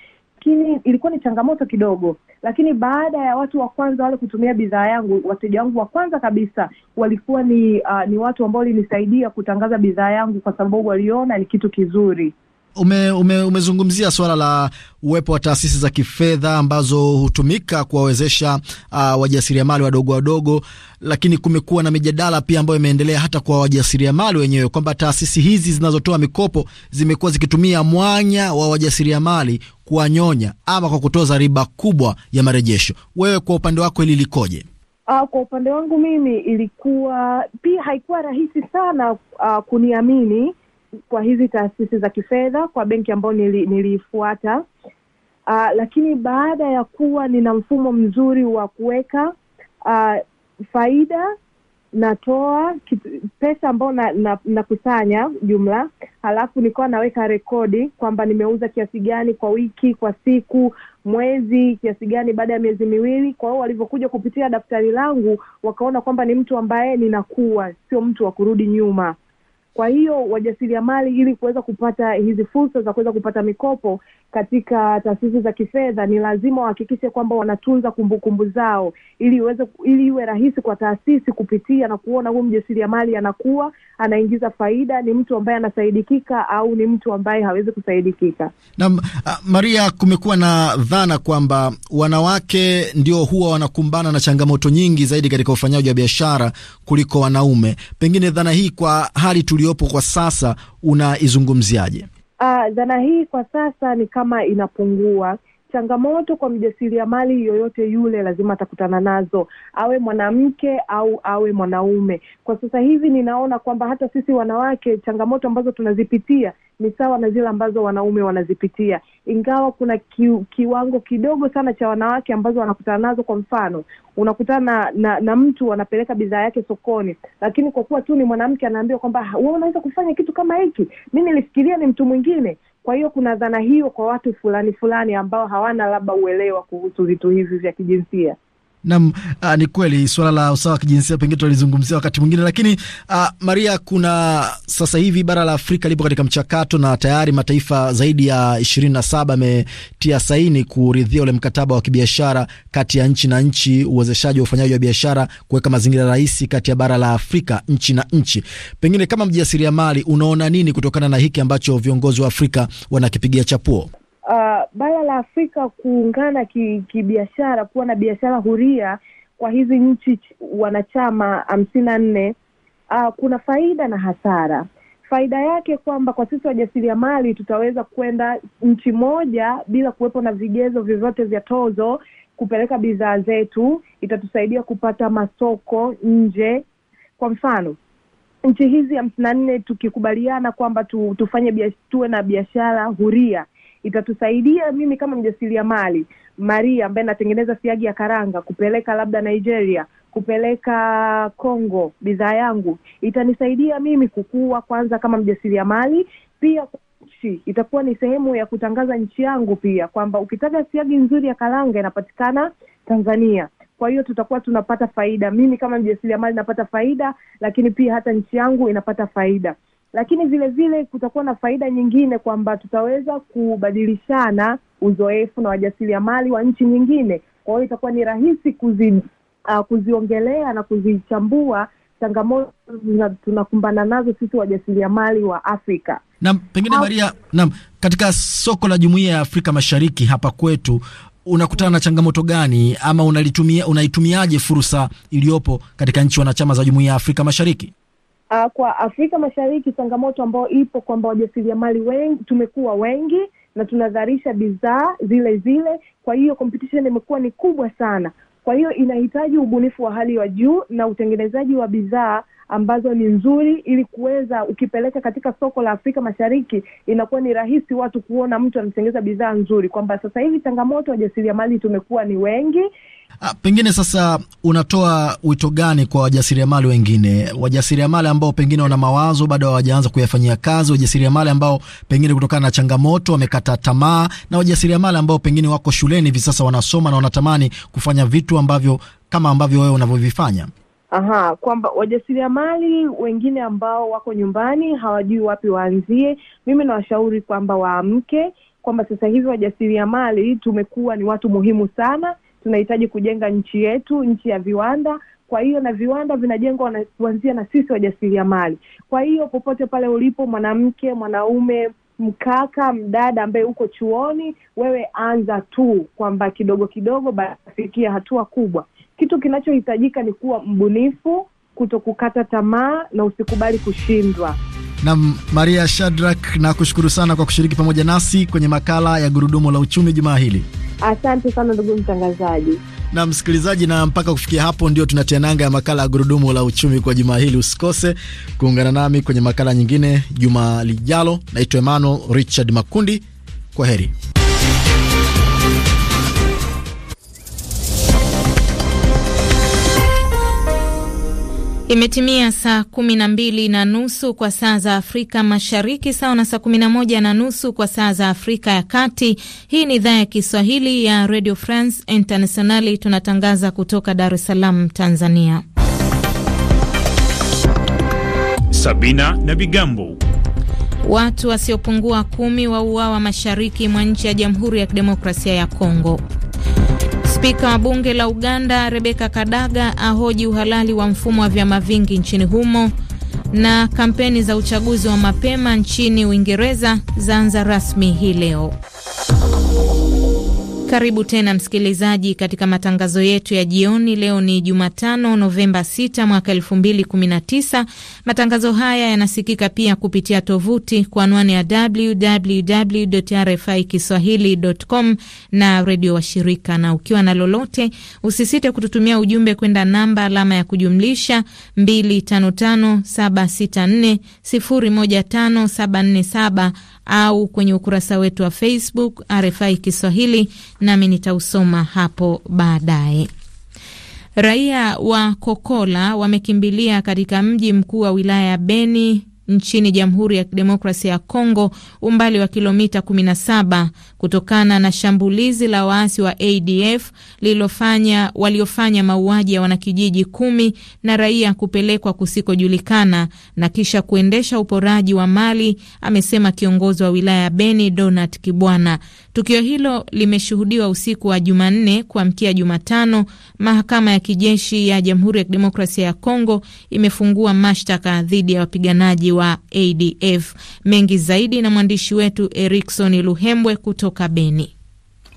lakini ilikuwa ni changamoto kidogo, lakini baada ya watu wa kwanza wale kutumia bidhaa yangu, wateja wangu wa kwanza kabisa walikuwa ni uh, ni watu ambao walinisaidia kutangaza bidhaa yangu, kwa sababu waliona ni kitu kizuri ume, ume, umezungumzia swala la uwepo wa taasisi za kifedha ambazo hutumika kuwawezesha uh, wajasiriamali wadogo wadogo, lakini kumekuwa na mijadala pia ambayo imeendelea hata kwa wajasiriamali wenyewe kwamba taasisi hizi zinazotoa mikopo zimekuwa zikitumia mwanya wa wajasiriamali kuwanyonya ama kwa kutoza riba kubwa ya marejesho. Wewe kwa upande wako hili likoje? Uh, kwa upande wangu mimi ilikuwa pia haikuwa rahisi sana uh, kuniamini kwa hizi taasisi za kifedha, kwa benki ambayo niliifuata nili Uh, ah, lakini baada ya kuwa nina mfumo mzuri wa kuweka uh, faida natoa kitu, pesa ambayo nakusanya na, na jumla, halafu nikawa naweka rekodi kwamba nimeuza kiasi gani kwa wiki, kwa siku, mwezi, kiasi gani baada ya miezi miwili. Kwa hiyo walivyokuja kupitia daftari langu wakaona kwamba ni mtu ambaye ninakuwa, sio mtu wa kurudi nyuma. Kwa hiyo wajasiriamali, ili kuweza kupata hizi fursa za kuweza kupata mikopo katika taasisi za kifedha, ni lazima wahakikishe kwamba wanatunza kumbukumbu kumbu zao, ili iweze ili iwe rahisi kwa taasisi kupitia na kuona huyu mjasiriamali anakuwa anaingiza faida, ni mtu ambaye anasaidikika au ni mtu ambaye hawezi kusaidikika. Na ah, Maria, kumekuwa na dhana kwamba wanawake ndio huwa wanakumbana na changamoto nyingi zaidi katika ufanyaji wa biashara kuliko wanaume. Pengine dhana hii kwa hali tuliyopo kwa sasa unaizungumziaje? Uh, dhana hii kwa sasa ni kama inapungua changamoto kwa mjasiriamali yoyote yule lazima atakutana nazo, awe mwanamke au awe mwanaume. Kwa sasa hivi ninaona kwamba hata sisi wanawake changamoto ambazo tunazipitia ni sawa na zile ambazo wanaume wanazipitia, ingawa kuna ki, kiwango kidogo sana cha wanawake ambazo wanakutana nazo. Kwa mfano, unakutana na, na mtu anapeleka bidhaa yake sokoni, lakini kwa kuwa tu ni mwanamke anaambiwa kwamba ah, unaweza kufanya kitu kama hiki, mi nilifikiria ni mtu mwingine. Kwa hiyo kuna dhana hiyo kwa watu fulani fulani ambao hawana labda uelewa kuhusu vitu hivi vya kijinsia. Nam, ah, ni kweli suala la usawa wa kijinsia pengine tulizungumzia wakati mwingine, lakini uh, Maria, kuna sasa hivi bara la Afrika lipo katika mchakato na tayari mataifa zaidi ya ishirini na saba yametia saini kuridhia ule mkataba wa kibiashara kati ya nchi na nchi, uwezeshaji wa ufanyaji wa biashara, kuweka mazingira rahisi kati ya bara la Afrika nchi na nchi. Pengine kama mjasiriamali, unaona nini kutokana na hiki ambacho viongozi wa Afrika wanakipigia chapuo? uh, bara la Afrika kuungana kibiashara ki kuwa na biashara huria kwa hizi nchi wanachama hamsini na nne uh, kuna faida na hasara. Faida yake kwamba kwa sisi wajasiriamali tutaweza kwenda nchi moja bila kuwepo na vigezo vyovyote vya tozo kupeleka bidhaa zetu, itatusaidia kupata masoko nje. Kwa mfano nchi hizi hamsini na nne tukikubaliana kwamba tu, tufanye tuwe na biashara huria itatusaidia mimi kama mjasiriamali Maria ambaye natengeneza siagi ya karanga kupeleka labda Nigeria, kupeleka congo bidhaa yangu, itanisaidia mimi kukua kwanza kama mjasiriamali, pia nchi itakuwa ni sehemu ya kutangaza nchi yangu pia, kwamba ukitaka siagi nzuri ya karanga inapatikana Tanzania. Kwa hiyo tutakuwa tunapata faida, mimi kama mjasiriamali napata faida, lakini pia hata nchi yangu inapata faida lakini vilevile kutakuwa na faida nyingine kwamba tutaweza kubadilishana uzoefu na wajasiriamali wa nchi nyingine. Kwa hiyo itakuwa ni rahisi kuzi, uh, kuziongelea na kuzichambua changamoto tunakumbana nazo sisi wajasiriamali wa Afrika. Naam, pengine Maria, naam, katika soko la Jumuiya ya Afrika Mashariki hapa kwetu unakutana na changamoto gani ama unaitumiaje fursa iliyopo katika nchi wanachama za Jumuiya ya Afrika Mashariki? uh, kwa Afrika Mashariki changamoto ambayo ipo kwamba wajasiriamali wengi tumekuwa wengi na tunadharisha bidhaa zile zile, kwa hiyo competition imekuwa ni kubwa sana. Kwa hiyo inahitaji ubunifu wa hali ya juu na utengenezaji wa bidhaa ambazo ni nzuri, ili kuweza ukipeleka katika soko la Afrika Mashariki inakuwa ni rahisi watu kuona mtu anatengeza bidhaa nzuri, kwamba sasa hivi changamoto wajasiriamali tumekuwa ni wengi Ah, pengine sasa unatoa wito gani kwa wajasiriamali wengine, wajasiriamali ambao pengine wana mawazo bado hawajaanza kuyafanyia kazi, wajasiriamali ambao pengine kutokana na changamoto wamekata tamaa, na wajasiriamali ambao pengine wako shuleni hivi sasa wanasoma na wanatamani kufanya vitu ambavyo kama ambavyo wewe unavyovifanya? Aha, kwamba wajasiriamali wengine ambao wako nyumbani hawajui wapi waanzie, mimi nawashauri kwamba waamke, kwamba sasa hivi wajasiriamali tumekuwa ni watu muhimu sana tunahitaji kujenga nchi yetu, nchi ya viwanda. Kwa hiyo na viwanda vinajengwa kuanzia na sisi wajasiriamali. Kwa hiyo popote pale ulipo, mwanamke, mwanaume mkaka mdada ambaye uko chuoni, wewe anza tu kwamba kidogo kidogo, bafikia hatua kubwa. Kitu kinachohitajika ni kuwa mbunifu, kuto kukata tamaa na usikubali kushindwa. Nam Maria na nakushukuru sana kwa kushiriki pamoja nasi kwenye makala ya Gurudumu la Uchumi jumaa hili. Asante sana ndugu mtangazaji na msikilizaji. Na mpaka kufikia hapo, ndio tunatia nanga ya makala ya gurudumu la uchumi kwa juma hili. Usikose kuungana nami kwenye makala nyingine juma lijalo. Naitwa Emmanuel Richard Makundi, kwa heri. Imetimia saa kumi na mbili na nusu kwa saa za Afrika Mashariki, sawa na saa kumi na moja na nusu kwa saa za Afrika ya Kati. Hii ni idhaa ya Kiswahili ya Radio France Internationali, tunatangaza kutoka Dar es Salaam, Tanzania. Sabina na Bigambo. Watu wasiopungua kumi wauawa mashariki mwa nchi ya Jamhuri ya Kidemokrasia ya Kongo. Spika wa bunge la Uganda Rebeka Kadaga ahoji uhalali wa mfumo wa vyama vingi nchini humo. Na kampeni za uchaguzi wa mapema nchini Uingereza zaanza rasmi hii leo. Karibu tena msikilizaji, katika matangazo yetu ya jioni. Leo ni Jumatano, Novemba 6 mwaka 2019. Matangazo haya yanasikika pia kupitia tovuti kwa anwani ya www RFI kiswahili.com na redio washirika. Na ukiwa na lolote, usisite kututumia ujumbe kwenda namba alama ya kujumlisha 255764015747 au kwenye ukurasa wetu wa Facebook RFI Kiswahili nami nitausoma hapo baadaye. Raia wa Kokola wamekimbilia katika mji mkuu wa wilaya ya Beni nchini Jamhuri ya Kidemokrasia ya Kongo, umbali wa kilomita 17 kutokana na shambulizi la waasi wa ADF lilofanya waliofanya mauaji ya wanakijiji kumi na raia kupelekwa kusikojulikana na kisha kuendesha uporaji wa mali, amesema kiongozi wa wilaya ya Beni Donat Kibwana. Tukio hilo limeshuhudiwa usiku wa Jumanne kuamkia Jumatano. Mahakama ya kijeshi ya Jamhuri ya Kidemokrasia ya Kongo imefungua mashtaka dhidi ya wapiganaji wa ADF. Mengi zaidi na mwandishi wetu Erikson Luhembwe kutoka Beni.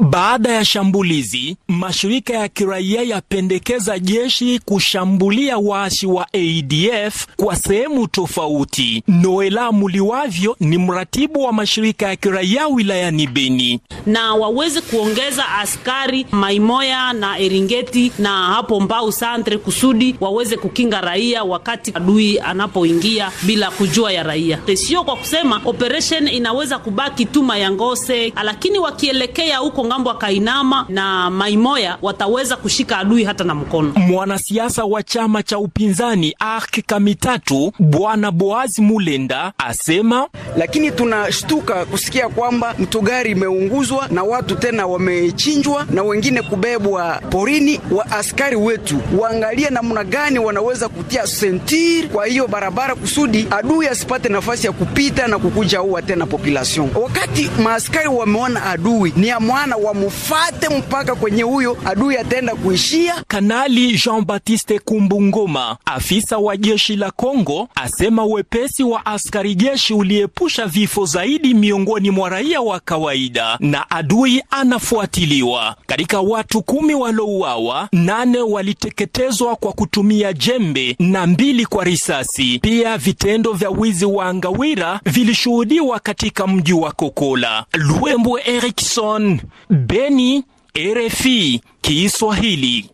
Baada ya shambulizi, mashirika ya kiraia yapendekeza jeshi kushambulia waasi wa ADF kwa sehemu tofauti. Noela Muliwavyo ni mratibu wa mashirika ya kiraia wilayani Beni. Na waweze kuongeza askari Maimoya na Eringeti na hapo Mbau Santre kusudi waweze kukinga raia wakati adui anapoingia bila kujua ya raia. E, sio kwa kusema operation inaweza kubaki tu Mayangose, lakini wakielekea huko ngambo akainama na maimoya wataweza kushika adui hata na mkono. Mwanasiasa wa chama cha upinzani ark Kamitatu Bwana Boazi Mulenda asema, lakini tunashtuka kusikia kwamba mtugari imeunguzwa na watu tena wamechinjwa na wengine kubebwa porini. Wa askari wetu waangalie namna gani wanaweza kutia sentir kwa hiyo barabara kusudi adui asipate nafasi ya kupita na kukuja ua tena population. Wakati maaskari wameona adui ni ya mwana wamufate mpaka kwenye huyo adui ataenda kuishia. Kanali Jean-Baptiste Kumbungoma, afisa wa jeshi la Kongo, asema wepesi wa askari jeshi uliepusha vifo zaidi miongoni mwa raia wa kawaida, na adui anafuatiliwa. Katika watu kumi walouawa, nane waliteketezwa kwa kutumia jembe na mbili kwa risasi. Pia vitendo vya wizi wa angawira vilishuhudiwa katika mji wa Kokola. Luembo Erikson, Beni, RFI Kiswahili.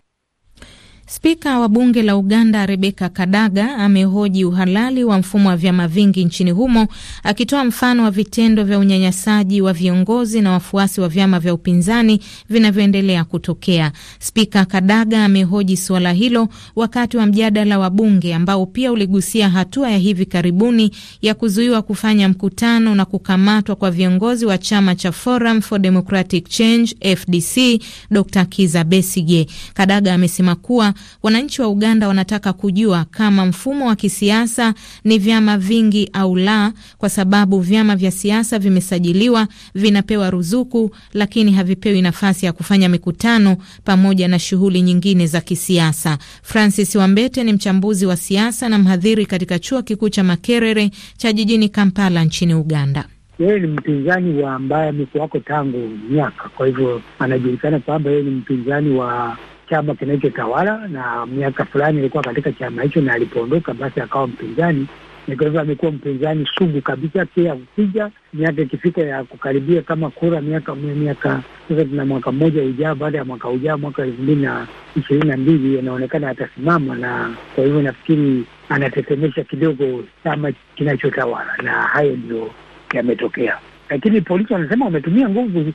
Spika wa bunge la Uganda Rebeka Kadaga amehoji uhalali wa mfumo wa vyama vingi nchini humo, akitoa mfano wa vitendo vya unyanyasaji wa viongozi na wafuasi wa vyama vya upinzani vinavyoendelea kutokea. Spika Kadaga amehoji suala hilo wakati wa mjadala wa bunge ambao pia uligusia hatua ya hivi karibuni ya kuzuiwa kufanya mkutano na kukamatwa kwa viongozi wa chama cha Forum for Democratic Change FDC Dr. Kiza Besige. Kadaga amesema kuwa wananchi wa Uganda wanataka kujua kama mfumo wa kisiasa ni vyama vingi au la, kwa sababu vyama vya siasa vimesajiliwa, vinapewa ruzuku, lakini havipewi nafasi ya kufanya mikutano pamoja na shughuli nyingine za kisiasa. Francis Wambete ni mchambuzi wa siasa na mhadhiri katika chuo kikuu cha Makerere cha jijini Kampala nchini Uganda. Yeye ni mpinzani wa ambaye amekuwako tangu miaka, kwa hivyo anajulikana kwamba yeye ni mpinzani wa chama kinachotawala na miaka fulani ilikuwa katika chama hicho, na alipoondoka basi akawa mpinzani na kwa hivyo amekuwa mpinzani sugu kabisa. Pia akija miaka ikifika ya kukaribia kama kura miaka miaka sasa, tuna mwaka mmoja ujao, baada ya mwaka ujao, mwaka elfu mbili na ishirini na mbili, inaonekana atasimama, na kwa hivyo nafikiri anatetemesha kidogo chama kinachotawala, na hayo ndio yametokea. Lakini polisi wanasema wametumia nguvu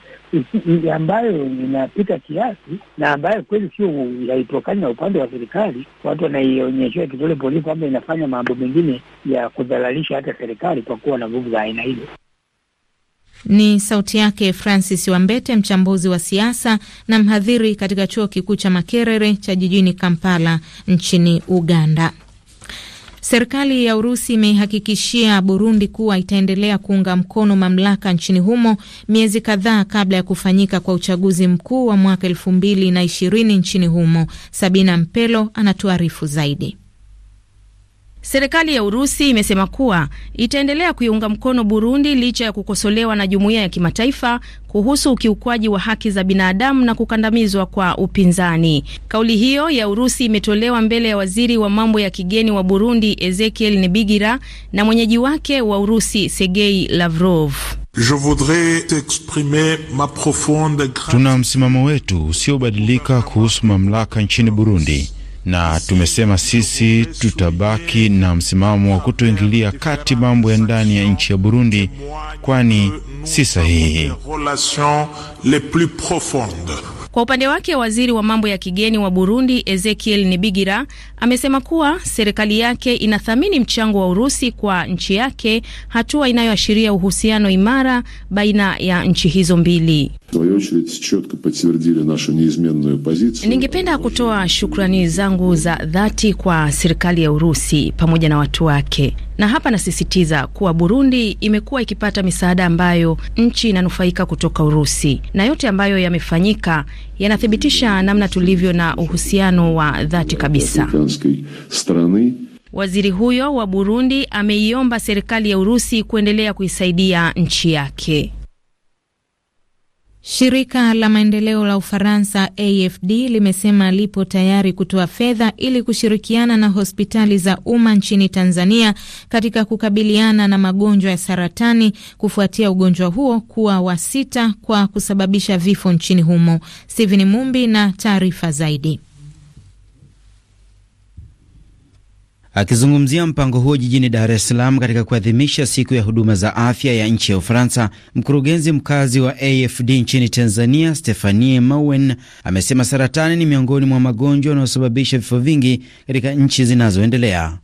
ambayo inapita kiasi na ambayo kweli sio haitokani na upande wa serikali. Watu wanaionyeshea kidole polisi kwamba inafanya mambo mengine ya kudhalalisha hata serikali kwa kuwa na nguvu za aina hiyo. Ni sauti yake Francis Wambete, mchambuzi wa siasa na mhadhiri katika chuo kikuu cha Makerere cha jijini Kampala nchini Uganda. Serikali ya Urusi imeihakikishia Burundi kuwa itaendelea kuunga mkono mamlaka nchini humo miezi kadhaa kabla ya kufanyika kwa uchaguzi mkuu wa mwaka elfu mbili na ishirini nchini humo. Sabina Mpelo anatuarifu zaidi. Serikali ya Urusi imesema kuwa itaendelea kuiunga mkono Burundi licha ya kukosolewa na jumuiya ya kimataifa kuhusu ukiukwaji wa haki za binadamu na kukandamizwa kwa upinzani. Kauli hiyo ya Urusi imetolewa mbele ya waziri wa mambo ya kigeni wa Burundi Ezekiel Nibigira na mwenyeji wake wa Urusi Sergei Lavrov. Tuna msimamo wetu usiobadilika kuhusu mamlaka nchini Burundi na tumesema sisi tutabaki na msimamo wa kutoingilia kati mambo ya ndani ya nchi ya Burundi, kwani si sahihi. Kwa upande wake, waziri wa mambo ya kigeni wa Burundi Ezekiel Nibigira amesema kuwa serikali yake inathamini mchango wa Urusi kwa nchi yake, hatua inayoashiria uhusiano imara baina ya nchi hizo mbili. Ningependa kutoa shukrani zangu za dhati kwa serikali ya Urusi pamoja na watu wake na hapa nasisitiza kuwa Burundi imekuwa ikipata misaada ambayo nchi inanufaika kutoka Urusi, na yote ambayo yamefanyika yanathibitisha namna tulivyo na uhusiano wa dhati kabisa. Waziri huyo wa Burundi ameiomba serikali ya Urusi kuendelea kuisaidia nchi yake. Shirika la maendeleo la Ufaransa AFD limesema lipo tayari kutoa fedha ili kushirikiana na hospitali za umma nchini Tanzania katika kukabiliana na magonjwa ya saratani kufuatia ugonjwa huo kuwa wa sita kwa kusababisha vifo nchini humo. Steven Mumbi na taarifa zaidi. Akizungumzia mpango huo jijini Dar es Salaam katika kuadhimisha siku ya huduma za afya ya nchi ya Ufaransa, mkurugenzi mkazi wa AFD nchini Tanzania Stefanie Mawen amesema saratani ni miongoni mwa magonjwa yanayosababisha vifo vingi katika nchi zinazoendelea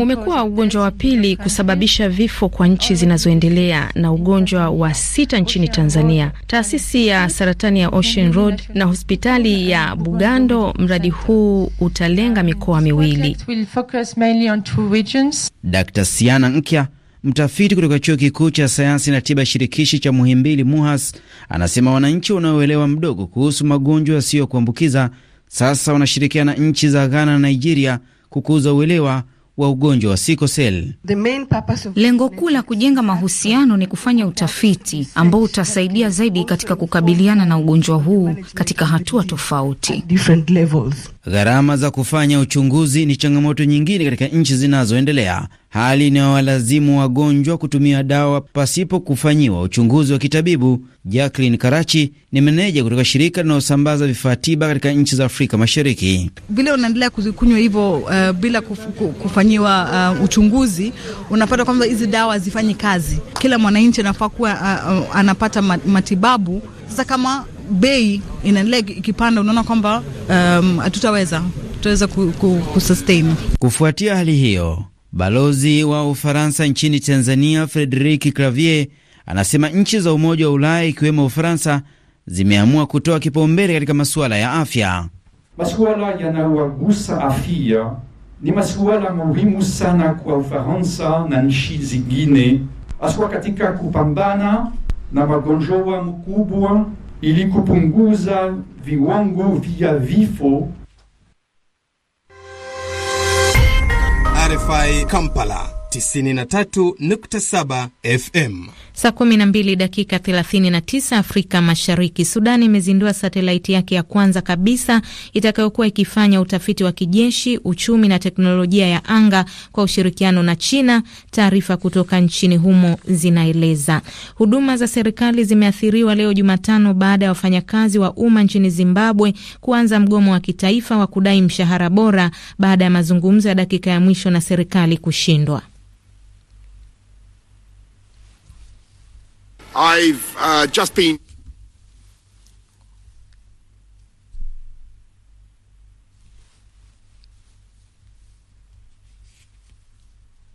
umekuwa ugonjwa wa pili kusababisha vifo kwa nchi zinazoendelea na ugonjwa wa sita nchini Tanzania. Taasisi ya saratani ya Ocean Road na hospitali ya Bugando, mradi huu utalenga mikoa miwili. Dr. Siana Nkya mtafiti kutoka chuo kikuu cha sayansi na tiba shirikishi cha Muhimbili MUHAS anasema wananchi wanaoelewa mdogo kuhusu magonjwa yasiyokuambukiza sasa wanashirikiana nchi za Ghana na Nigeria kukuza uelewa wa ugonjwa wa sickle cell. Lengo kuu la kujenga mahusiano ni kufanya utafiti ambao utasaidia zaidi katika kukabiliana na ugonjwa huu katika hatua tofauti. Gharama za kufanya uchunguzi ni changamoto nyingine katika nchi zinazoendelea hali inayowalazimu wagonjwa kutumia dawa pasipo kufanyiwa uchunguzi wa kitabibu. Jacqueline Karachi ni meneja kutoka shirika linalosambaza vifaa tiba katika nchi za Afrika Mashariki. Vile unaendelea kuzikunywa hivyo uh, bila kuf, kufanyiwa uh, uchunguzi, unapata kwamba hizi dawa hazifanyi kazi. Kila mwananchi anafaa kuwa uh, anapata matibabu. Sasa kama bei inaendelea ikipanda, unaona kwamba hatutaweza um, tutaweza kusustain. Kufuatia hali hiyo Balozi wa Ufaransa nchini Tanzania Frederic Clavier anasema nchi za Umoja wa Ulaya ikiwemo Ufaransa zimeamua kutoa kipaumbele katika masuala ya afya. Masuala yanayogusa afya ni masuala muhimu sana kwa Ufaransa na nchi zingine, haswa katika kupambana na magonjwa makubwa ili kupunguza viwango vya vifo hi Kampala. 93.7 FM. Saa 12 dakika 39 Afrika Mashariki. Sudani imezindua satelaiti yake ya kwanza kabisa itakayokuwa ikifanya utafiti wa kijeshi, uchumi na teknolojia ya anga kwa ushirikiano na China, taarifa kutoka nchini humo zinaeleza. Huduma za serikali zimeathiriwa leo Jumatano baada ya wafanyakazi wa umma nchini Zimbabwe kuanza mgomo wa kitaifa wa kudai mshahara bora baada ya mazungumzo ya dakika ya mwisho na serikali kushindwa. I've uh, just been.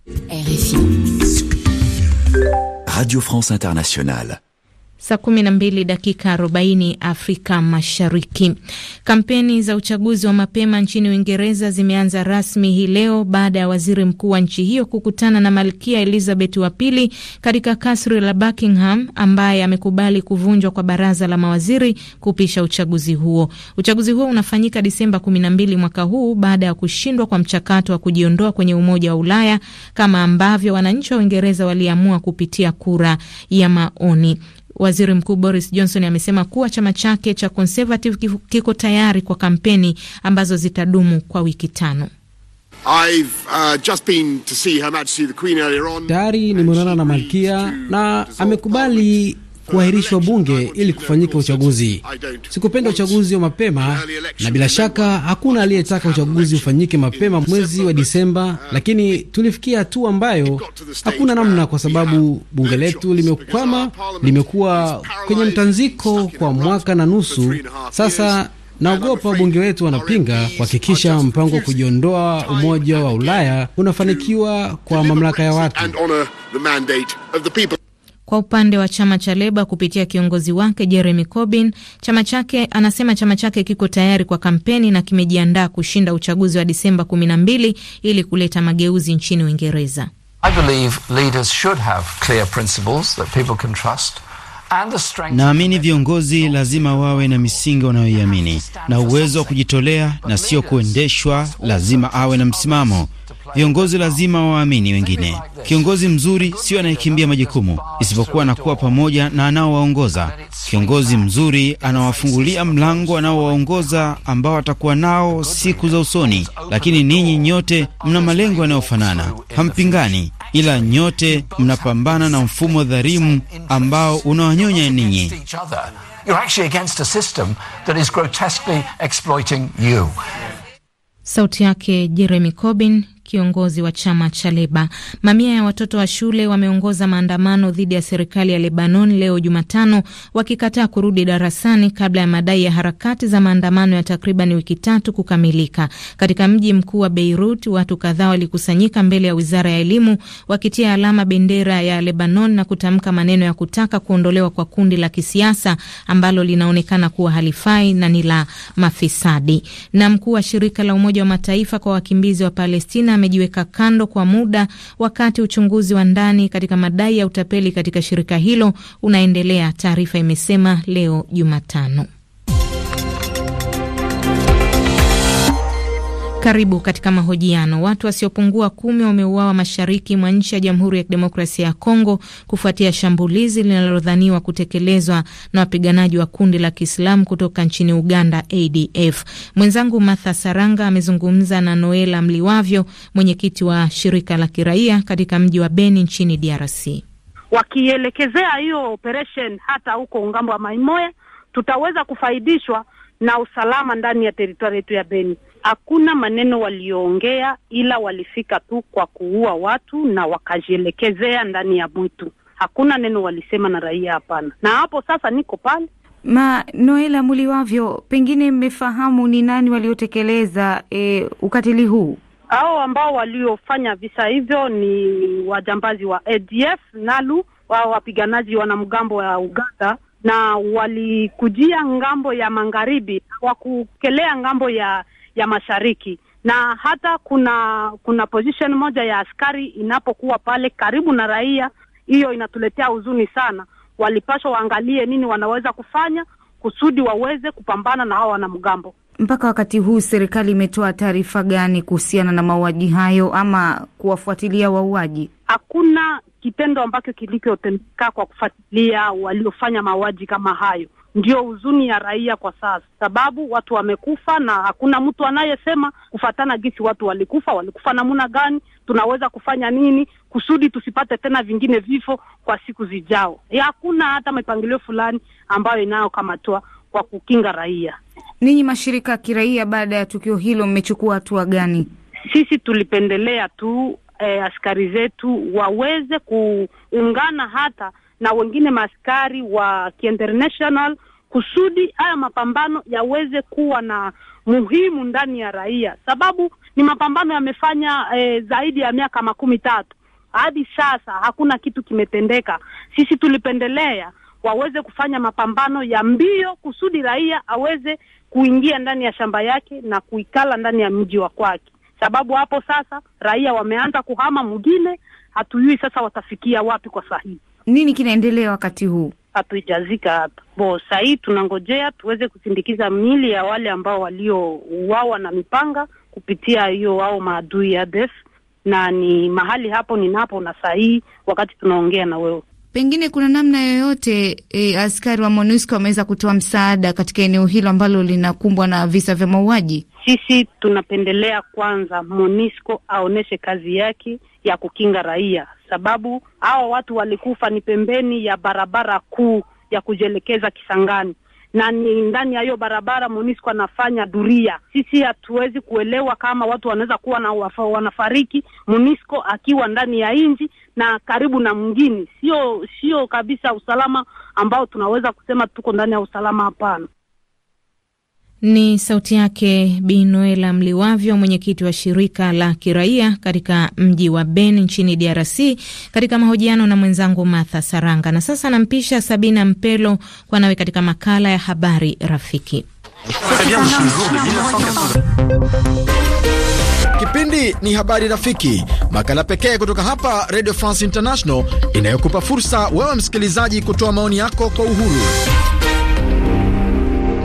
RFI. Radio France Internationale. saa 12 dakika 40 Afrika Mashariki. Kampeni za uchaguzi wa mapema nchini Uingereza zimeanza rasmi hii leo baada ya waziri mkuu wa nchi hiyo kukutana na Malkia Elizabeth wa pili katika kasri la Buckingham, ambaye amekubali kuvunjwa kwa baraza la mawaziri kupisha uchaguzi huo. Uchaguzi huo unafanyika Disemba 12 mwaka huu baada ya kushindwa kwa mchakato wa kujiondoa kwenye Umoja wa Ulaya kama ambavyo wananchi wa Uingereza waliamua kupitia kura ya maoni. Waziri Mkuu Boris Johnson amesema kuwa chama chake cha Conservative kiko tayari kwa kampeni ambazo zitadumu kwa wiki tano. Uh, tayari uh, nimeonana na malkia na amekubali kuahirishwa bunge ili kufanyika uchaguzi. Sikupenda uchaguzi wa mapema, na bila shaka hakuna aliyetaka uchaguzi ufanyike mapema mwezi wa Disemba, lakini tulifikia hatua ambayo hakuna namna, kwa sababu bunge letu limekwama, limekuwa kwenye mtanziko kwa mwaka na nusu sasa. Naogopa wabunge wetu wanapinga kuhakikisha mpango wa kujiondoa Umoja wa Ulaya unafanikiwa kwa mamlaka ya watu. Kwa upande wa chama cha Leba kupitia kiongozi wake Jeremy Corbyn, chama chake anasema chama chake kiko tayari kwa kampeni na kimejiandaa kushinda uchaguzi wa Disemba 12 ili kuleta mageuzi nchini Uingereza. Naamini viongozi lazima wawe na misingi wanayoiamini na uwezo wa kujitolea na sio kuendeshwa. Lazima awe na msimamo Viongozi lazima waamini wengine. Kiongozi mzuri sio anayekimbia majukumu, isipokuwa anakuwa pamoja na anaowaongoza. Kiongozi mzuri anawafungulia mlango anaowaongoza ambao atakuwa nao siku za usoni. Lakini ninyi nyote mna malengo yanayofanana, hampingani, ila nyote mnapambana na mfumo dharimu ambao unawanyonya ninyi. Sauti yake Jeremy Corbyn, kiongozi wa chama cha Leba. Mamia ya watoto wa shule wameongoza maandamano dhidi ya serikali ya Lebanon leo Jumatano, wakikataa kurudi darasani kabla ya madai ya harakati za maandamano ya takriban wiki tatu kukamilika. Katika mji mkuu wa Beirut, watu kadhaa walikusanyika mbele ya wizara ya elimu wakitia alama bendera ya Lebanon na kutamka maneno ya kutaka kuondolewa kwa kundi la kisiasa ambalo linaonekana kuwa halifai na ni la mafisadi. Na mkuu wa shirika la Umoja wa Mataifa kwa wakimbizi wa Palestina amejiweka kando kwa muda wakati uchunguzi wa ndani katika madai ya utapeli katika shirika hilo unaendelea, taarifa imesema leo Jumatano. Karibu katika mahojiano. Watu wasiopungua kumi wameuawa mashariki mwa nchi ya Jamhuri ya Kidemokrasia ya Kongo kufuatia shambulizi linalodhaniwa kutekelezwa na wapiganaji wa kundi la Kiislamu kutoka nchini Uganda, ADF. Mwenzangu Martha Saranga amezungumza na Noela Mliwavyo, mwenyekiti wa shirika la kiraia katika mji wa Beni nchini DRC. Wakielekezea hiyo operation hata huko ngambo ya Maimoya, tutaweza kufaidishwa na usalama ndani ya teritori yetu ya Beni hakuna maneno walioongea, ila walifika tu kwa kuua watu na wakajielekezea ndani ya mwitu. Hakuna neno walisema na raia, hapana. Na hapo sasa niko pale ma Noela Muliwavyo, pengine mmefahamu ni nani waliotekeleza e, ukatili huu? Hao ambao waliofanya visa hivyo ni wajambazi wa ADF NALU, wao wapiganaji wanamgambo wa Uganda, na walikujia ngambo ya magharibi, wakukelea ngambo ya ya mashariki na hata kuna kuna position moja ya askari inapokuwa pale karibu na raia, hiyo inatuletea huzuni sana. Walipaswa waangalie nini wanaweza kufanya kusudi waweze kupambana na hawa wanamgambo. Mpaka wakati huu serikali imetoa taarifa gani kuhusiana na mauaji hayo ama kuwafuatilia wauaji? Hakuna kitendo ambacho kilichotendeka kwa kufuatilia waliofanya mauaji kama hayo ndio huzuni ya raia kwa sasa, sababu watu wamekufa na hakuna mtu anayesema kufatana gisi watu walikufa, walikufa namuna gani, tunaweza kufanya nini kusudi tusipate tena vingine vifo kwa siku zijao. E, hakuna hata mipangilio fulani ambayo inayokamatwa kwa kukinga raia. Ninyi mashirika ya kiraia, baada ya tukio hilo, mmechukua hatua gani? Sisi tulipendelea tu eh, askari zetu waweze kuungana hata na wengine maaskari wa kiinternational kusudi haya mapambano yaweze kuwa na muhimu ndani ya raia, sababu ni mapambano yamefanya e, zaidi ya miaka makumi tatu hadi sasa hakuna kitu kimetendeka. Sisi tulipendelea waweze kufanya mapambano ya mbio kusudi raia aweze kuingia ndani ya shamba yake na kuikala ndani ya mji wa kwake, sababu hapo sasa raia wameanza kuhama mwingine hatujui sasa watafikia wapi kwa sahihi. Nini kinaendelea wakati huu? Hatuijazika hapa bo, sahii tunangojea tuweze kusindikiza mili ya wale ambao waliouawa na mipanga kupitia hiyo wao maadui ya ADF, na ni mahali hapo ninapo na sahii, wakati tunaongea na wewe pengine kuna namna yoyote e, askari wa MONUSCO wameweza kutoa msaada katika eneo hilo ambalo linakumbwa na visa vya mauaji? Sisi tunapendelea kwanza MONUSCO aoneshe kazi yake, ya kukinga raia, sababu hao watu walikufa ni pembeni ya barabara kuu ya kujielekeza Kisangani na ni ndani ya hiyo barabara MONUSCO anafanya duria. Sisi hatuwezi kuelewa kama watu wanaweza kuwa na wafa, wanafariki MONUSCO akiwa ndani ya nji na karibu na mwingine. Sio sio kabisa usalama ambao tunaweza kusema tuko ndani ya usalama, hapana. Ni sauti yake Bi Noela Mliwavyo, mwenyekiti wa shirika la kiraia katika mji wa Beni nchini DRC, katika mahojiano na mwenzangu Martha Saranga. Na sasa nampisha Sabina Mpelo kwa nawe katika makala ya habari rafiki. Kipindi ni habari rafiki, makala pekee kutoka hapa Radio France International inayokupa fursa wewe msikilizaji kutoa maoni yako kwa uhuru.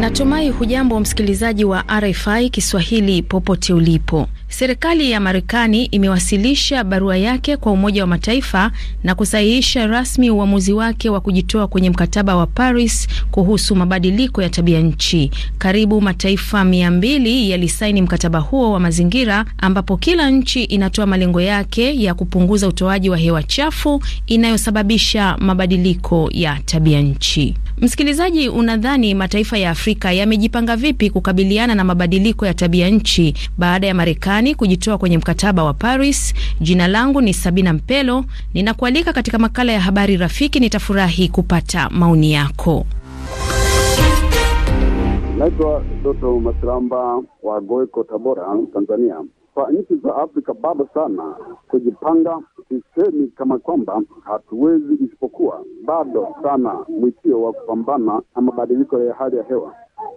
Natumai hujambo msikilizaji wa RFI Kiswahili popote ulipo. Serikali ya Marekani imewasilisha barua yake kwa Umoja wa Mataifa na kusahihisha rasmi uamuzi wake wa kujitoa kwenye mkataba wa Paris kuhusu mabadiliko ya tabia nchi. Karibu mataifa mia mbili yalisaini mkataba huo wa mazingira, ambapo kila nchi inatoa malengo yake ya kupunguza utoaji wa hewa chafu inayosababisha mabadiliko ya tabia nchi. Msikilizaji, unadhani mataifa ya Afrika yamejipanga vipi kukabiliana na mabadiliko ya tabia nchi baada ya Marekani kujitoa kwenye mkataba wa Paris? Jina langu ni Sabina Mpelo, ninakualika katika makala ya habari rafiki. Nitafurahi kupata maoni yako. Naitwa Doto Masilamba wa Goiko, Tabora, Tanzania kwa nchi za Afrika bado sana kujipanga. Sisemi kama kwamba hatuwezi, isipokuwa bado sana mwitio wa kupambana na mabadiliko ya hali ya hewa.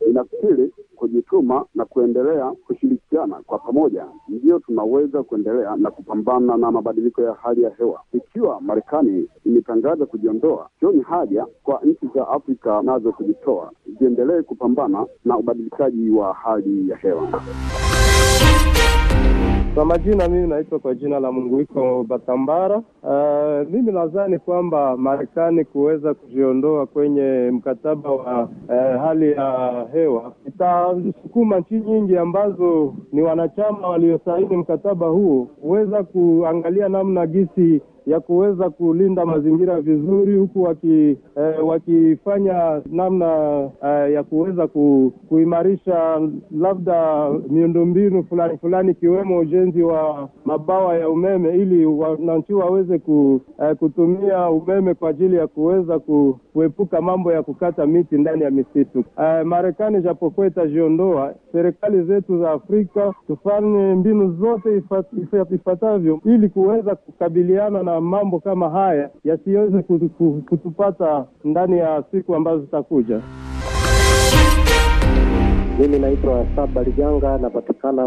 Inafikiri kujituma na kuendelea kushirikiana kwa pamoja ndiyo tunaweza kuendelea na kupambana na mabadiliko ya hali ya hewa. Ikiwa Marekani imetangaza kujiondoa, sioni haja kwa nchi za Afrika nazo kujitoa, ziendelee kupambana na ubadilishaji wa hali ya hewa. Kwa majina mimi naitwa kwa jina la Munguiko Batambara. Uh, mimi nadhani kwamba Marekani kuweza kujiondoa kwenye mkataba wa uh, hali ya hewa itasukuma nchi nyingi ambazo ni wanachama waliosaini mkataba huo kuweza kuangalia namna gisi ya kuweza kulinda mazingira vizuri, huku waki, eh, wakifanya namna eh, ya kuweza ku, kuimarisha labda miundombinu fulani fulani ikiwemo ujenzi wa mabawa ya umeme ili wananchi waweze ku, eh, kutumia umeme kwa ajili ya kuweza ku, kuepuka mambo ya kukata miti ndani ya misitu. Eh, Marekani japokuwa itajiondoa, serikali zetu za Afrika tufanye mbinu zote ifatavyo ili kuweza kukabiliana na mambo kama haya yasiweze kutupata ndani ya siku ambazo zitakuja. Mimi naitwa Saba Liganga, napatikana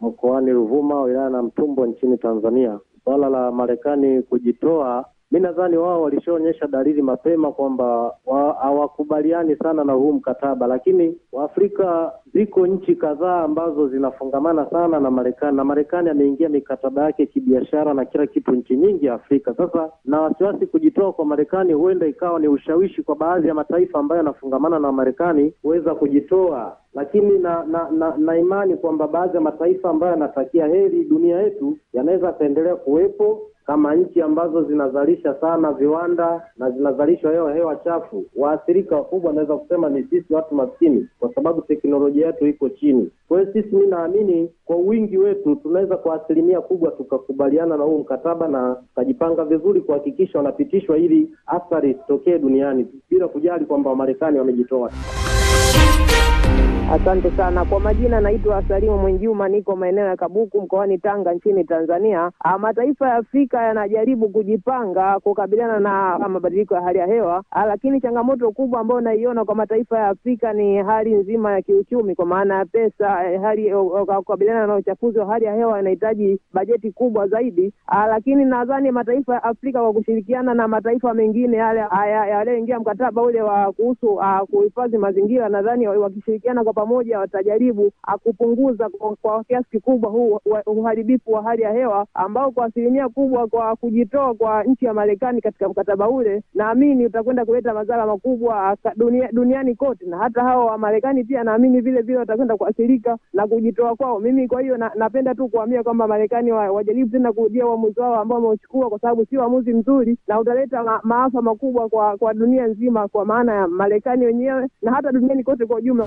mkoani Ruvuma, wilaya na Mtumbo, nchini Tanzania. Suala la Marekani kujitoa mi nadhani wao walishaonyesha dalili mapema kwamba hawakubaliani sana na huu mkataba, lakini Waafrika ziko nchi kadhaa ambazo zinafungamana sana na Marekani na Marekani ameingia mikataba yake kibiashara na kila kitu nchi nyingi ya Afrika. Sasa na wasiwasi kujitoa kwa Marekani huenda ikawa ni ushawishi kwa baadhi ya mataifa ambayo yanafungamana na Marekani kuweza kujitoa lakini na na, na, na imani kwamba baadhi ya mataifa ambayo yanatakia heri dunia yetu yanaweza akaendelea kuwepo kama nchi ambazo zinazalisha sana viwanda na zinazalishwa hewa hewa chafu, waathirika wakubwa wanaweza kusema ni sisi watu maskini, kwa sababu teknolojia yetu iko chini. Kwa hiyo sisi, mi naamini kwa wingi wetu tunaweza kwa asilimia kubwa tukakubaliana na huu mkataba na tukajipanga vizuri kuhakikisha wanapitishwa ili athari zitokee duniani bila kujali kwamba Wamarekani wamejitoa Asante sana kwa majina, naitwa Salimu Mwinjuma, niko maeneo ya Kabuku mkoani Tanga nchini Tanzania. A, ah, mataifa ya Afrika yanajaribu kujipanga kukabiliana na ah, mabadiliko ya hali ya hewa, ah, lakini changamoto kubwa ambayo naiona kwa mataifa ya Afrika ni hali nzima ya kiuchumi, kwa maana ya pesa. Eh, hali eh, kukabiliana na uchafuzi wa hali ya hewa inahitaji bajeti kubwa zaidi, a, lakini nadhani mataifa ya Afrika kwa kushirikiana na mataifa mengine yale yaliyoingia mkataba ule wa kuhusu kuhifadhi mazingira, nadhani wakishirikiana kwa pamoja watajaribu ah, kupunguza kwa, kiasi kikubwa huu uharibifu wa hali ya hewa ambao kwa asilimia kubwa kwa kujitoa kwa nchi ya Marekani katika mkataba ule, naamini utakwenda kuleta madhara makubwa ah, dunia, duniani kote, na hata hao Wamarekani pia naamini vile vile watakwenda kuathirika na kujitoa kwao. Mimi kwa hiyo na, napenda tu kuambia kwamba Marekani wajaribu tena kurudia uamuzi wao ambao wameuchukua, kwa sababu si uamuzi mzuri na utaleta ma, maafa makubwa kwa, kwa dunia nzima, kwa maana ya Marekani wenyewe na hata duniani kote kwa ujumla.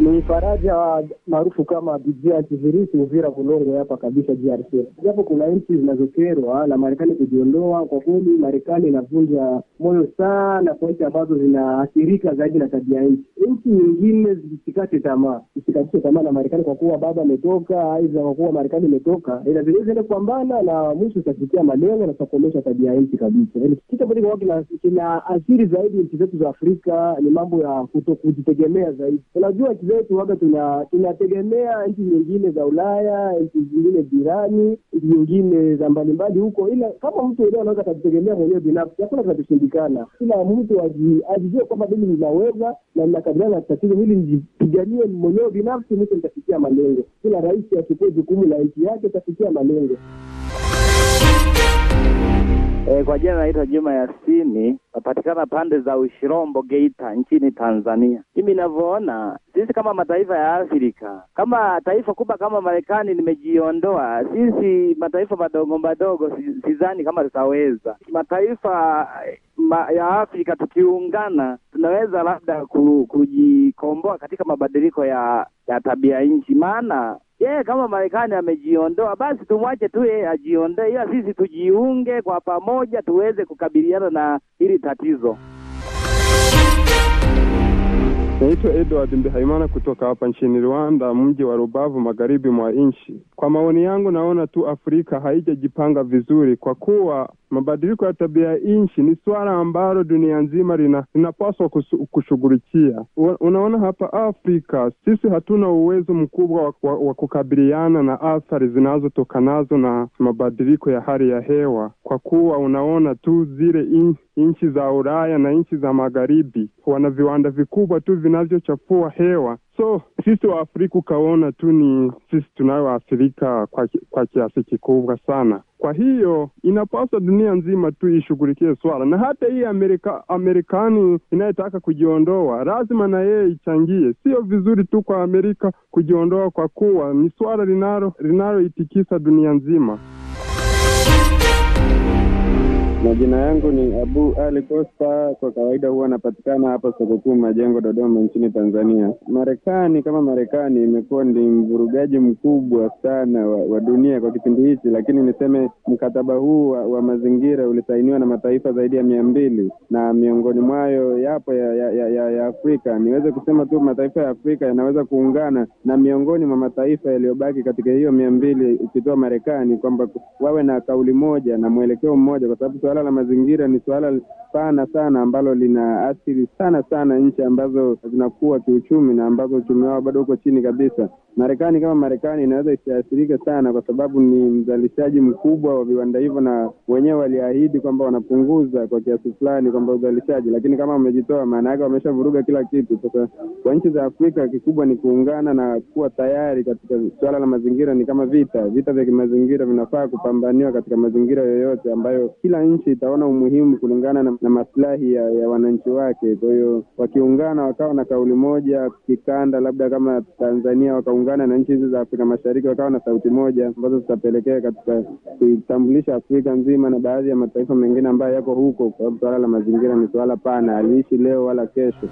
ni Faraja maarufu kama DJ Antivirusi Uvira Bulongo hapa kabisa DRC. Japo kuna nchi zinazokerwa na Marekani kujiondoa, kwa kweli Marekani inavunja moyo sana kwa nchi ambazo zinaathirika zaidi na tabia nchi. Nchi nyingine zisikate tamaa, zisikatishe tamaa na Marekani kwa kuwa baba ametoka, aidha kwa kuwa Marekani imetoka, inabidi ziende kupambana na mwisho zitafikia malengo na tutakomesha tabia nchi kabisa. Yaani, kitu ambacho kina kinaathiri zaidi nchi zetu za Afrika ni mambo ya kutokujitegemea zaidi. Unajua nchi zetu waga tunategemea nchi nyingine za Ulaya, nchi zingine jirani, nchi nyingine za mbalimbali huko, ila kama mtu enyewe anaweza akajitegemea mwenyewe binafsi, hakuna kinachoshindikana. Kila mtu ajijue kwamba mimi ninaweza na ninakabiliana na tatizo hili, nijipiganie mwenyewe binafsi, mwisho nitafikia malengo. Kila rais achukue jukumu la nchi yake, tafikia malengo. E, kwa jina naitwa Juma Yasini, napatikana pande za Ushirombo, Geita nchini Tanzania. Mimi ninavyoona sisi kama mataifa ya Afrika, kama taifa kubwa kama Marekani nimejiondoa, sisi mataifa madogo madogo sidhani kama tutaweza. Mataifa eh, ma, ya Afrika tukiungana, tunaweza labda kujikomboa katika mabadiliko ya ya tabia nchi, maana yeye kama Marekani amejiondoa, basi tumwache tu yeye ajiondoe, ila sisi tujiunge kwa pamoja tuweze kukabiliana na hili tatizo. Naitwa Edward Mbihaimana kutoka hapa nchini Rwanda, mji wa Rubavu, magharibi mwa nchi. Kwa maoni yangu, naona tu Afrika haijajipanga vizuri, kwa kuwa mabadiliko ya tabia nchi ni suala ambalo dunia nzima lina, linapaswa kushughulikia. Unaona, hapa Afrika sisi hatuna uwezo mkubwa wa, wa, wa kukabiliana na athari zinazotokanazo na mabadiliko ya hali ya hewa, kwa kuwa unaona tu zile nchi nchi za Ulaya na nchi za magharibi wana viwanda vikubwa tu vinavyochafua hewa. So sisi wa Afrika ukaona tu ni sisi tunayoathirika kwa, kwa kiasi kikubwa sana. Kwa hiyo inapaswa dunia nzima tu ishughulikie swala, na hata hii Amerika, Amerikani inayetaka kujiondoa lazima na yeye ichangie. Sio vizuri tu kwa Amerika kujiondoa, kwa kuwa ni swala linalo linaloitikisa dunia nzima. Majina yangu ni Abu Ali Costa. Kwa kawaida huwa anapatikana hapa soko kuu Majengo, Dodoma, nchini Tanzania. Marekani kama Marekani imekuwa ni mvurugaji mkubwa sana wa, wa dunia kwa kipindi hichi, lakini niseme mkataba huu wa, wa mazingira ulisainiwa na mataifa zaidi ya mia mbili na miongoni mwayo yapo ya, ya, ya, ya, ya Afrika. Niweze kusema tu mataifa ya Afrika yanaweza kuungana na miongoni mwa mataifa yaliyobaki katika hiyo mia mbili ukitoa Marekani kwamba wawe na kauli moja na mwelekeo mmoja kwa sababu suala la mazingira ni suala pana sana ambalo lina athiri sana sana nchi ambazo zinakuwa kiuchumi na ambazo uchumi wao bado uko chini kabisa. Marekani kama Marekani inaweza isiathirike sana, kwa sababu ni mzalishaji mkubwa wa viwanda hivyo, na wenyewe waliahidi kwamba wanapunguza kwa kiasi fulani kwamba uzalishaji, lakini kama wamejitoa, maana yake wameshavuruga kila kitu. Sasa kwa nchi za Afrika kikubwa ni kuungana na kuwa tayari katika suala la mazingira. Ni kama vita, vita vya kimazingira vinafaa kupambaniwa katika mazingira yoyote ambayo kila nchi nchi itaona umuhimu kulingana na, na maslahi ya, ya wananchi wake. Kwa hiyo wakiungana wakawa na kauli moja kikanda, labda kama Tanzania wakaungana na nchi hizi za Afrika Mashariki wakawa na sauti moja ambazo zitapelekea katika kuitambulisha Afrika nzima na baadhi ya mataifa mengine ambayo yako huko, kwa sababu suala la mazingira ni suala pana, aliishi leo wala kesho.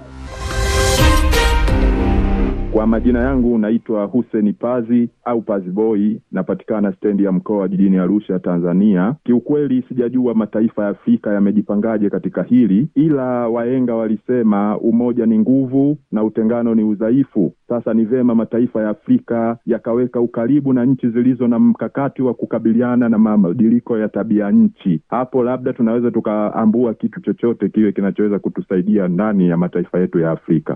Kwa majina yangu naitwa Hussein Pazi au Pazi Boy, napatikana stendi ya mkoa jijini Arusha, Tanzania. Kiukweli sijajua mataifa ya Afrika yamejipangaje katika hili, ila wahenga walisema umoja ni nguvu na utengano ni udhaifu. Sasa ni vema mataifa ya Afrika yakaweka ukaribu na nchi zilizo na mkakati wa kukabiliana na mabadiliko ya tabia nchi. Hapo labda tunaweza tukaambua kitu chochote kiwe kinachoweza kutusaidia ndani ya mataifa yetu ya Afrika.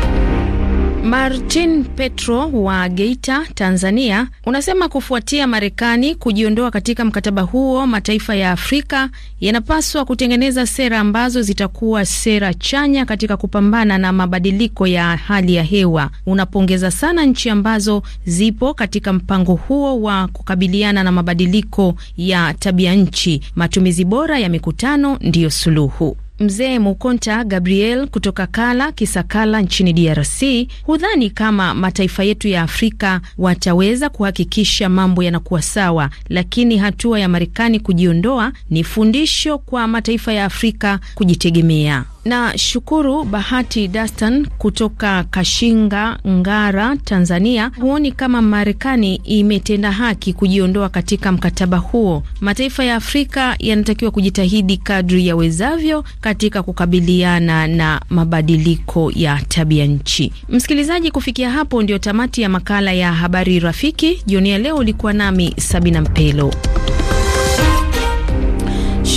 Martin Petro wa Geita, Tanzania, unasema kufuatia Marekani kujiondoa katika mkataba huo, mataifa ya Afrika yanapaswa kutengeneza sera ambazo zitakuwa sera chanya katika kupambana na mabadiliko ya hali ya hewa. Unapongeza sana nchi ambazo zipo katika mpango huo wa kukabiliana na mabadiliko ya tabia nchi. Matumizi bora ya mikutano ndiyo suluhu. Mzee Mukonta Gabriel kutoka Kala Kisakala nchini DRC, hudhani kama mataifa yetu ya Afrika wataweza kuhakikisha mambo yanakuwa sawa, lakini hatua ya Marekani kujiondoa ni fundisho kwa mataifa ya Afrika kujitegemea na shukuru Bahati Dastan kutoka Kashinga, Ngara, Tanzania. Huoni kama Marekani imetenda haki kujiondoa katika mkataba huo? Mataifa ya Afrika yanatakiwa kujitahidi kadri yawezavyo katika kukabiliana na mabadiliko ya tabia nchi. Msikilizaji, kufikia hapo ndio tamati ya makala ya habari rafiki jioni ya leo. Ulikuwa nami Sabina Mpelo.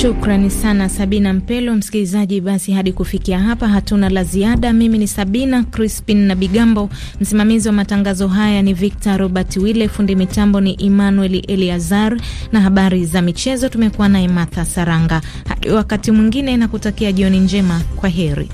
Shukrani sana Sabina Mpelo. Msikilizaji, basi hadi kufikia hapa hatuna la ziada. Mimi ni Sabina Crispin na Bigambo, msimamizi wa matangazo haya ni Victor Robert Wille, fundi mitambo ni Emmanuel Eliazar na habari za michezo tumekuwa naye Martha Saranga. Hadi wakati mwingine, na kutakia jioni njema, kwa heri.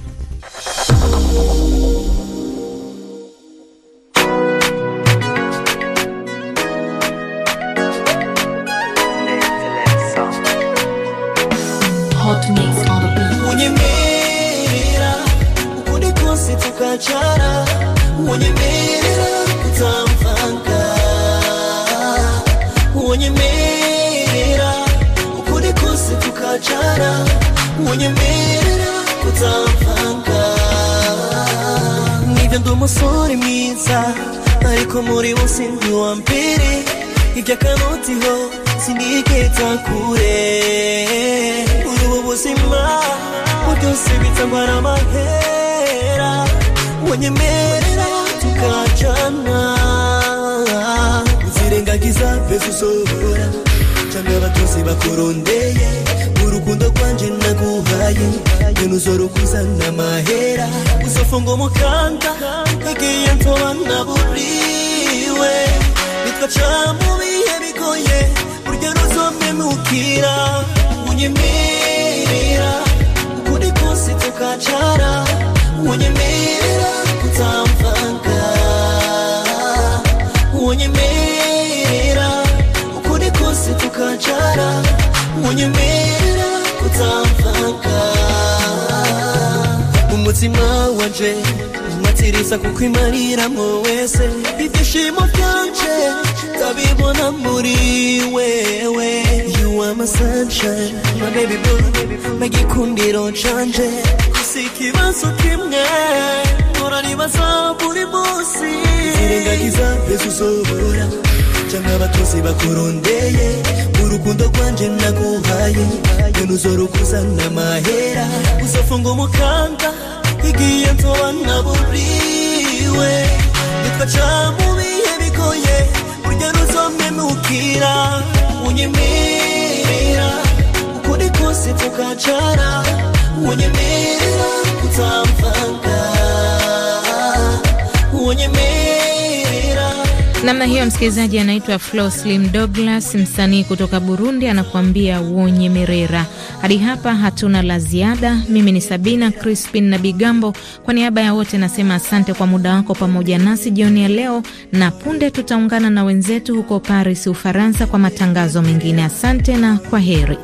kuchara wanyemerera kutamvanga wanyemerera ukuri kose tukachara wanyemerera kutamvanga nivyo ndi umusore mwiza ariko muri bo sindi wa mbere iby'akaroti ho sinigeza kure ubu buzima byose bitangwa n'amahera unyemerera tukacana uzirengagiza mbese usohora cyangwa abatutsi bakurondeye urukundo rwanje naguhaye ibintu uzorukuzana amahera uzofunga umukanda igihe nsoba naburiwe bitwaca mu bihe bigoye burya ruzomemukira unyemerera ukuri kose tukacara unyemerera kutamfanga unyemerera ukuri kose tukacara unyemerera kutamfanga umutima wanje matirisa wese ibyishimo byanje ndabibona muri wewe you are my sunshine my baby boo ikibazo kimwe turaribaza buri munsi zirengagiza mbese uzobora cyangwa abatozi bakurondeye urukundo rwanje naguhaye none uzoruguza n'amahera uzafunga umukanda igiye nzoba naburiwe nitwaca mu bihe bigoye burya nuzomemukira unyemerera ukuri kose tukacara namna hiyo. Msikilizaji anaitwa Flo Slim Douglas, msanii kutoka Burundi, anakuambia merera Hadi hapa hatuna la ziada. Mimi ni Sabina Crispin na Bigambo, kwa niaba ya wote nasema asante kwa muda wako pamoja nasi jioni ya leo, na punde tutaungana na wenzetu huko Paris, Ufaransa, kwa matangazo mengine. Asante na kwa heri.